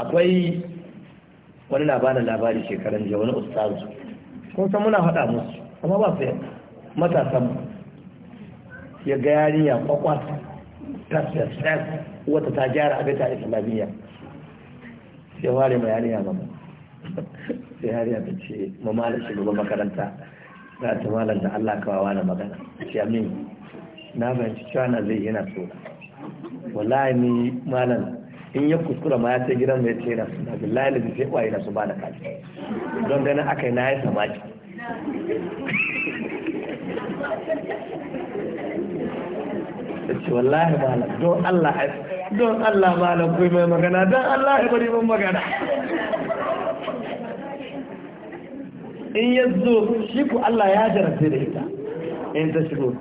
akwai wani na labari shekaran jiya wani ustazu kun san muna faɗa musu amma ba su matasan ya ga yarinya kwakwa ta sassan wata ta gyara abita islamiyya sai ware mai yarinya ba sai yarinya ta ce mama da shugaban makaranta za ta malam da Allah kawawa na magana ce amin na fahimci cewa na zai yana so wallahi ni malam in ya kuskura ma ya ce gidan mai ce na suna billahi da sai kwaye na su ba da kaji don ganin aka yi na ya samaci ce wallahi malam don Allah don Allah malam kuwa mai magana don Allah ya bari mun magana in ya zo shi ku Allah ya jarabce da ita in ta shigo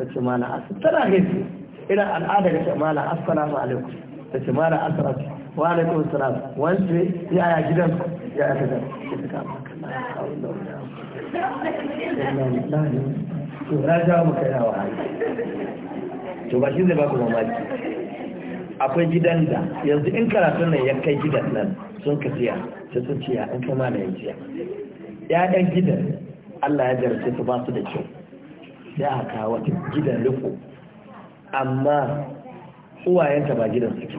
ta ce malam asu tana gaji Ina al'ada ga ce malam assalamu alaikum ta ce mara asarar wa alaikum salam wance yaya gidan ya aka gidan ku ya maka gidan ku ya wani to na jawo maka yana wa hali to ba shi zai ba ku mamaki akwai gidan da yanzu in karatun nan ya kai gidan nan sun ka siya sai sun ciya in kama da yanzu ya'yan gidan Allah ya jarce su ba su da kyau ya haka wata gidan rufo amma uwayenta ba gidan suke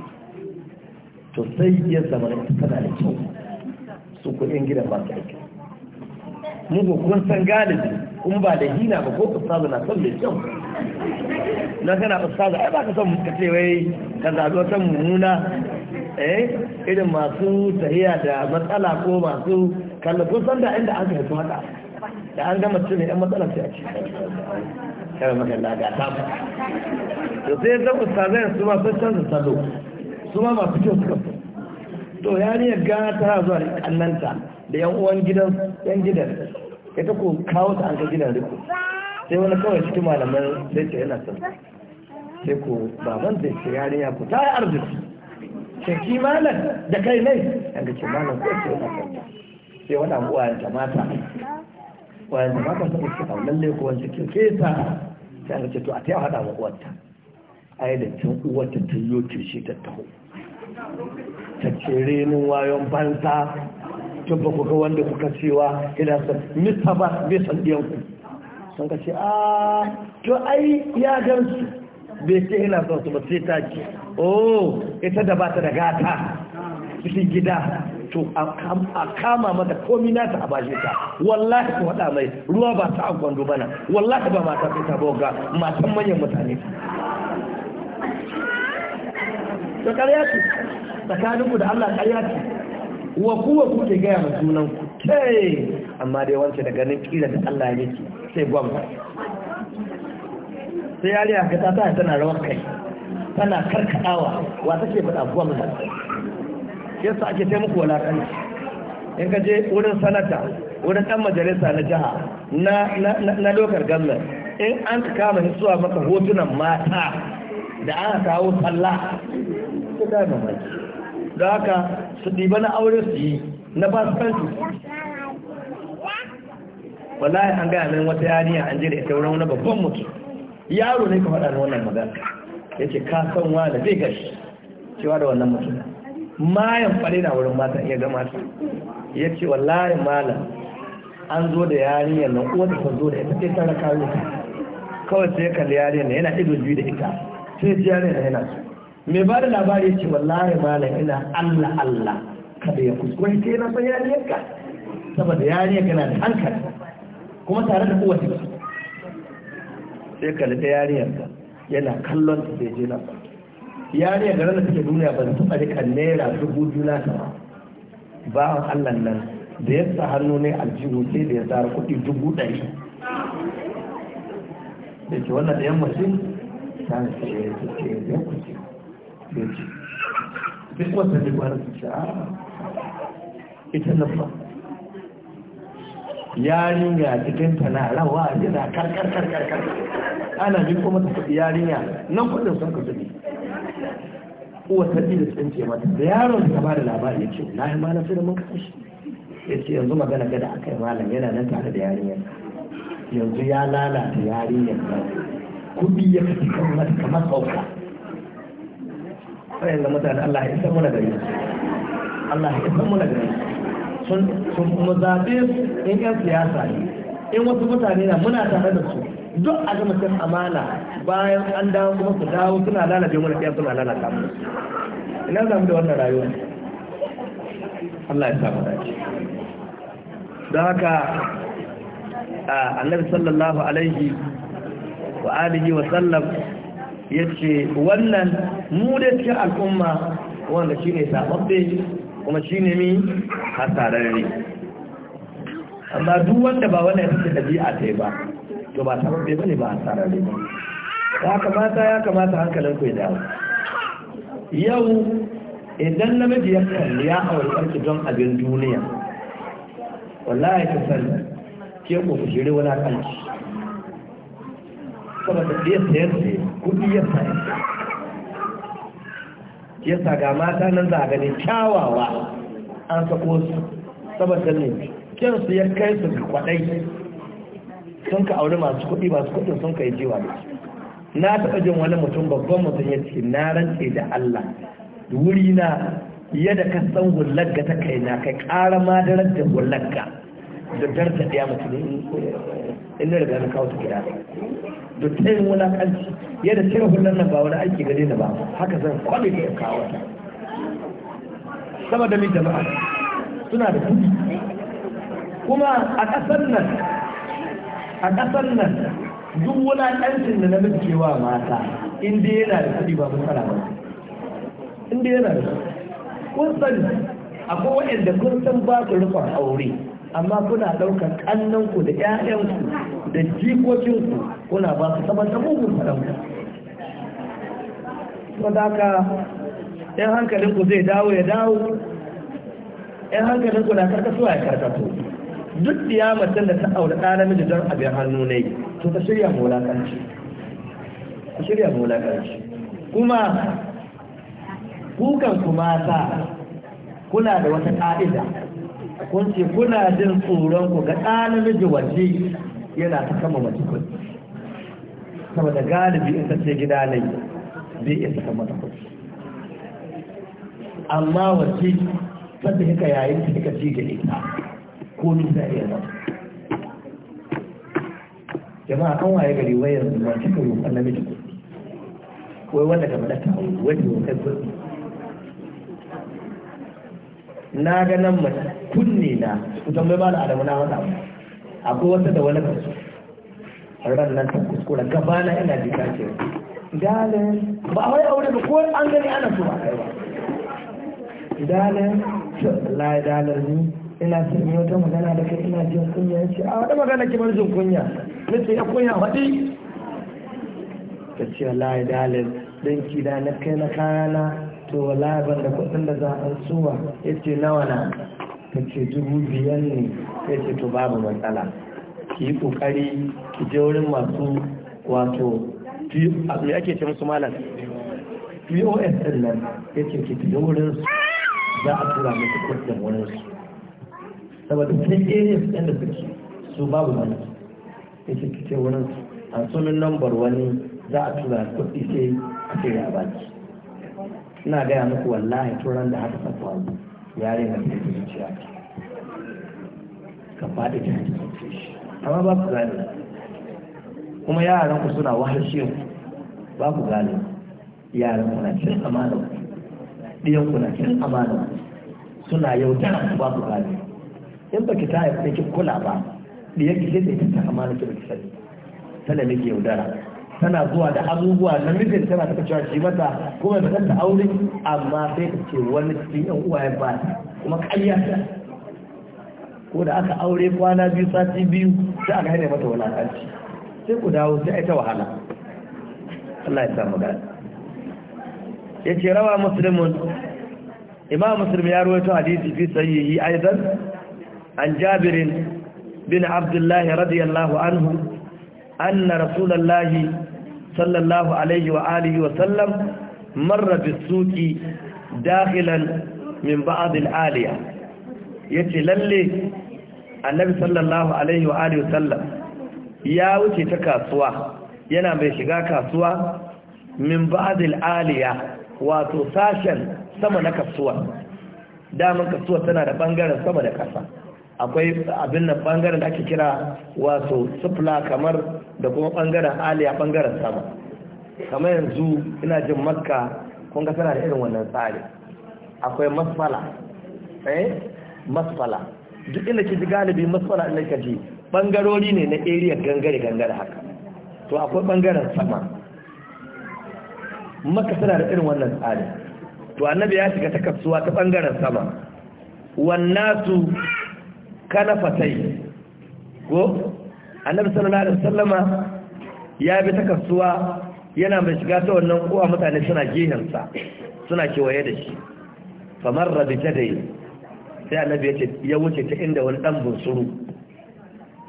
to sai ya zama tana da kyau su kuɗin gidan ba su aiki muku kun san galibi kun ba da hina ba ko ustazu na son mai kyau na kana ustazu ai ba ka son ka ce wai ka zaɓi wata mummuna eh irin masu tahiya da matsala ko masu kallon kun san da inda aka haifu haka da an gama cire yan matsalar sai a ce kare magana ga ta to sai zan ustazai su ma sun canza salo su ma masu kyau suka fi to yariyar gana tana zuwa da da yan uwan gidan yan gidan ya ta ko kawo ta an ka gidan riko sai wani kawai ciki malamai zai ce yana son sai ko baban zai ce yarinya ku ta yi arziki ce ki malam da kai ne an ka ce malam ko ce yana son sai wani abuwa ta mata Wayan yanzu ma ka san iske kawo lalle ko wancan ke ke ta sai aka ce to a ta haɗa wa uwarta yi da tun uwarta ta yoke shi ta taho ta ce renin wayon banza to ba ku ga wanda kuka cewa ina san mista ba bai san ɗiyanku sun ka ce a to ai ya gansu bai ce ina son su ba sai ta ce oh ita da ba ta da gata cikin gida to a kama mata komi nata a abashe ta wallahi ku hada mai ruwa ba ta agwando bana wallahi ba mata sai ta boga matan manyan mutane ta ƙarya ce tsakaninku da Allah ƙarya ce wa kuwa kuke gaya ma ku kai amma dai wance da ganin kila da Allah ya miki sai gwamna sai yariya ka ta tana rawar kai tana karkadawa wa take faɗa gwamna yasa ake muku walakanci in ka je wurin sanata wurin ɗan majalisa na jiha na lokar gamnan in an ka kama zuwa maka hotunan mata da aka kawo tsalla su da mamaki da haka su ɗiba na aure su yi na ba su wallahi an gaya min wata yariya an je da ita wurin wani babban mutum yaro ne ka faɗa wannan magana yace ce ka san da zai gashi cewa da wannan mutum mayan fare na wurin mata iya ga mata ya ce wallahi malam an zo da yarinyar nan uwar da ta zo da ita sai ta raka ta kawai sai ka yarinyar nan yana ido biyu da ita sai ji yarinyar yana so mai ba da labari ya ce wallahi malam ina allah allah kada ya kuskure ta na san yarinyar ka saboda yarinyar na da hankali kuma tare da uwar ta sai kalli ta yarinyar yana kallon ta sai je na ba a garin da suke duniya ban taɓa rika naira dubu juna na ba bawan allah nan da ya sa hannu ne aljihu sai da ya tsara kuɗi dubu ɗari da ke wannan da yammacin ta ce ya ce ya kuce ya ce duk wata da ba su ce a ah, ita na fa yarinya cikin ta na rawa yana karkar karkar ana jin kuma ta kuɗi yarinya nan kuɗin sun ka kuɗi uwa ta da tsince mata da yaron ta ba da labari ya ce na yi mana sai da mun kashi ya ce yanzu magana gada aka yi malam yana nan tare da yarinyar yanzu ya lalata yarinyar nan kuɗi ya kashi kan mata kamar sauka sai yanzu mutane Allah ya isa mana gari Allah ya isa mana gari sun sun mu zabe in yan siyasa ne in wasu mutane na muna tare da su duk a ga mutum amana bayan an dawo kuma su dawo suna lalace mana sai suna lalata mu ina za mu da wannan rayuwa Allah ya samu dace don haka annabi sallallahu alaihi wa alihi wa sallam yace wannan mu da cikin al'umma wanda shine sababbe kuma shine mi hasararre amma duk wanda ba wannan yake bi'a tai ba to ba sababbe bane ba hasararre ba ya kamata ya kamata hankalin ku ya dawo yau idan namiji ya kalli ya aure karki don abin duniya wallahi ta sani ke ku ku shiri wani kanki saboda ɗaya sayar da kuɗi ya sayar yasa ga mata nan za a gani kyawawa an sako su saboda ne su ya kai su kwadai sun ka aure masu kuɗi masu kuɗin sun ka yi jiwa da su na taɓa jin wani mutum babban mutum ya ce na rantse da Allah wuri na yadda ka san hullagga ta kai na kai ƙara madarar da hullagga da darta ɗaya mutum in na riga na kawo ta gida da ta yin wulaƙanci yadda cire hullar nan ba wani aiki gare na ba haka zan kwale ta kawo ta sama da mai jama'a suna da kuɗi kuma a ƙasar nan a ƙasar nan duk wulaƙancin da na ke wa mata in dai yana da kuɗi ba matsala ba in dai yana da kun sani akwai waɗanda kun san ba ku rufin aure amma kuna ɗaukar ƙannanku da ƴaƴanku da jikokinku kuna ba su saman da mugun faɗanku za haka ɗan hankalinku zai dawo ya dawo ɗan hankalinku na karkasuwa ya karkasu duk diyamatan da ta aure ɗa namiji don abin hannu ne to ta shirya mulakanci ta shirya mulakanci kuma kukan ku mata kuna da wata ƙa'ida kun ce kuna jin tsoron ku ga ɗa namiji waje yana ta kama mace kuɗi saboda galibi in ta ce gida ne bai isa ta ta kuɗi amma wace ta hika yayin ta hika ji da ita komi za iya zama jama'a an waye gari wai da ma cika roƙon namiji kuɗi wai wanda ka faɗa kawo wai roƙon na ga nan mace kunne na kusan bai ba da adamu na wata akwai wata da wani kasu ran nan ta kuskura gabana ina jika ce dalin ba a wai aure ba ko an gani ana so a kai ba dalin lai dalin ni ina son yi wata magana da kai ina jin kunya ce a wata magana ki jin kunya na ce ya kunya faɗi ta ce wallahi dalil don ki da na kai na kayana to wallahi ban da kuɗin da za a suwa ya ce nawa na ta ce dubu biyar ne ya ce to babu matsala ki yi ƙoƙari ki je wurin masu wato me ake ce musu malam pos ɗin nan ya ce ki je wurin su za a tura musu kuɗin wurin su saboda wannan areas ɗin da suke su babu mana ya ce kice wurin a sunan lambar wani za a tura kuɗi sai a ce ya baki ina gaya muku wallahi turan da haka fatuwa yare na da zuciya ka faɗi ta hanyar shi amma ba ku gane kuma yaran ku suna wahalshin ba ku gane yaran ku na cin amana ku ɗiyan ku na cin amana suna yaudara ku ba ku gane in baki ta haifa ki kula ba da yake sai zai ta amana ki baki sani tana miki yaudara tana zuwa da abubuwa na mijin tana ta cewa shi mata kuma ta ta aure amma sai ta ce wani cikin yan uwa ya ba kuma kariya ta ko da aka aure kwana biyu sati biyu sai aka haine mata ci. sai ku dawo sai ai ta wahala Allah ya samu gani ce rawa muslimun imam muslim ya ruwaito hadisi fi sahihi aidan عن جابر بن عبد الله رضي الله عنه أن رسول الله صلى الله عليه وآله وسلم مر بالسوق داخلا من بعض العالية يتلل النبي صلى الله عليه وآله وسلم يا وتي تكاسوا yana mai shiga kasuwa min ba'dil aliya wato sashen sama na kasuwa daman kasuwa tana da bangaren sama da kasa akwai abin nan bangaren da ake kira wato sufla kamar da kuma bangaren aliya bangaren sama kamar yanzu ina jin makka kun ga tana da irin wannan tsari akwai masfala eh masfala duk inda ke ji galibi masfala inda ka ji bangarori ne na area gangare gangare haka to akwai bangaren sama makka tana da irin wannan tsari to annabi ya shiga ta kasuwa ta bangaren sama wannan su kanafatai ko annabi sallallahu alaihi wasallama ya bi ta kasuwa yana mai shiga ta wannan kowa mutane suna jihinsa suna kewaye da shi famar rabi da yi sai annabi ya ce ya wuce ta inda wani dan bunsuru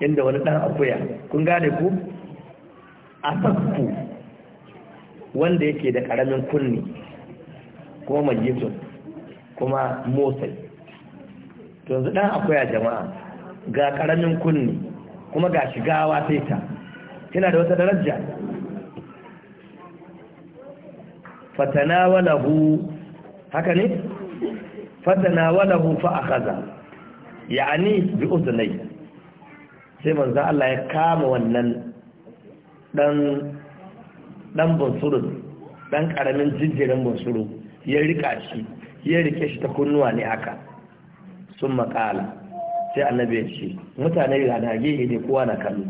inda wani dan akuya kun gane ku a sakku wanda yake da karamin kunni kuma majitun kuma motsai to yanzu dan akwai a jama'a ga ƙaramin kunni kuma ga shigawa sai ta da wata daraja walahu haka ne walahu fa akhadha nai. bi uznai sai manzo Allah ya kama wannan dan dan bunsuru dan karamin jinjirin bunsuru ya rika shi ya rike shi ta kunnuwa ne haka sun maƙala sai annabi ya ce mutane da na gehe ne kowa na kallo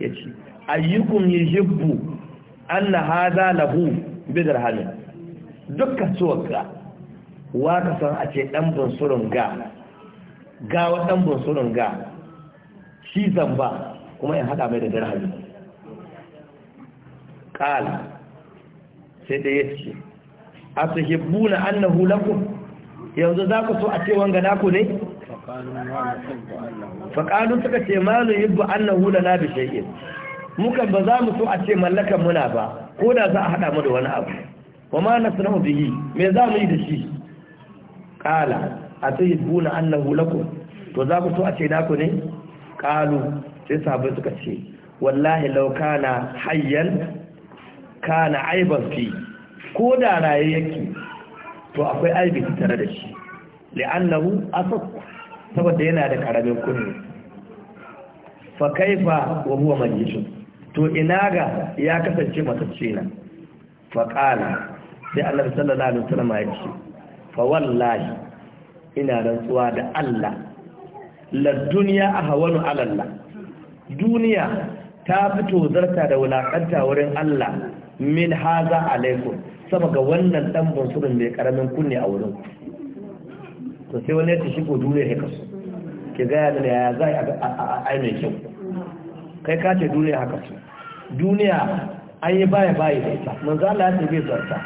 ya ce ayyukun yi hibbu an na haza lahu bidar hannun dukkan suwaka wa ka san a ce ɗan bunsurin ga gawa ɗan bunsurin ga shi zamba kuma in haɗa mai da dirhami ƙala sai dai ya ce a su hibbu na annahu lakun. yanzu za ku so a ce wanga naku ne faƙalu suka ce malu yibbu hula na bi shay'in mukan ba za mu so a ce mallakan muna ba ko da za a haɗa mu da wani abu wa ma nasnahu bihi me za mu yi da shi Ƙala, a qala atuhibbuna hula ku. to za ku so a ce naku ne Ƙalu, sai sabu suka ce wallahi lauka kana hayyan kana na fi ko da raye yake to akwai aibi tare da shi li'annahu asas saboda yana da karamin kunni fa kaifa wa huwa majnun to ina ga ya kasance matacce na fa qala sai Allah sallallahu alaihi wasallam ya ce fa wallahi ina rantsuwa da Allah la dunya ahwanu ala Allah duniya ta fito zarta da wulakanta wurin Allah min haza alaikum sama ga wannan dan bunsurin mai karamin kunne a wurin to sai wani ya shi ko duniya ya kasu ke gaya da yaya za a ai mai kyau kai ka ce duniya haka su duniya an yi baya baya da ita mun za a ce bai zarta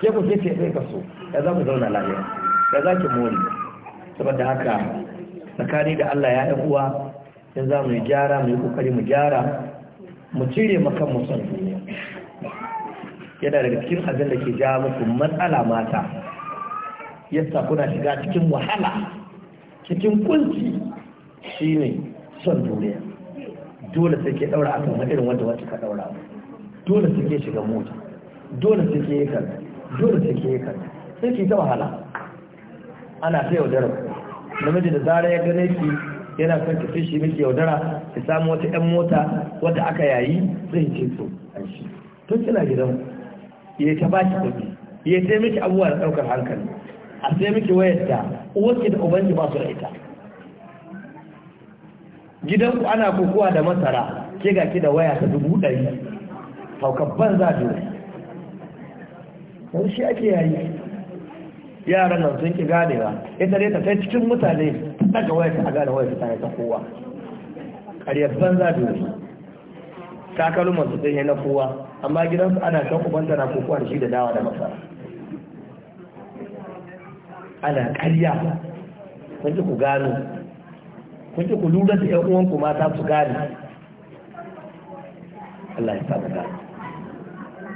ke ku ce ce kai kaso ya za ku zauna lafiya ya za ki mori saboda haka tsakani da Allah ya 'yan uwa in za mu yi gyara mu yi kokari mu gyara mu cire makan mu son duniya yana daga cikin abin da ke ja muku matsala mata yasa kuna shiga cikin wahala cikin kunci shi ne son duniya dole sai ke daura akan irin wanda wata ka daura dole sai ke shiga mota dole sai ke yakan dole sai ke yakan sai ke ta wahala ana ta yaudara namiji da zara ya gane ki yana son ki shi miki yaudara ki samu wata yan mota wadda aka yayi zai ce so a shi tun kina gidan ya ta ba shi ya ta miki abuwa da daukar hankali a sai miki wayar da uwarki da ubanki ba su da ita gidanku ana kokowa da masara ke ga ki da waya ta dubu ɗari haukabban za ta yanzu shi ake yayi yaran nan sun ki ganewa ita ne ta kai cikin mutane ta daga wayar ta a gane wayar ta ta kowa ƙaryar banza da wuri takalman su ɗaya na kowa amma gidansu ana kan ubanta na kokowa da shi da dawa da masara ana karya kun ku gano kun ku lura da ƴan uwanku mata su gane Allah ya sa mu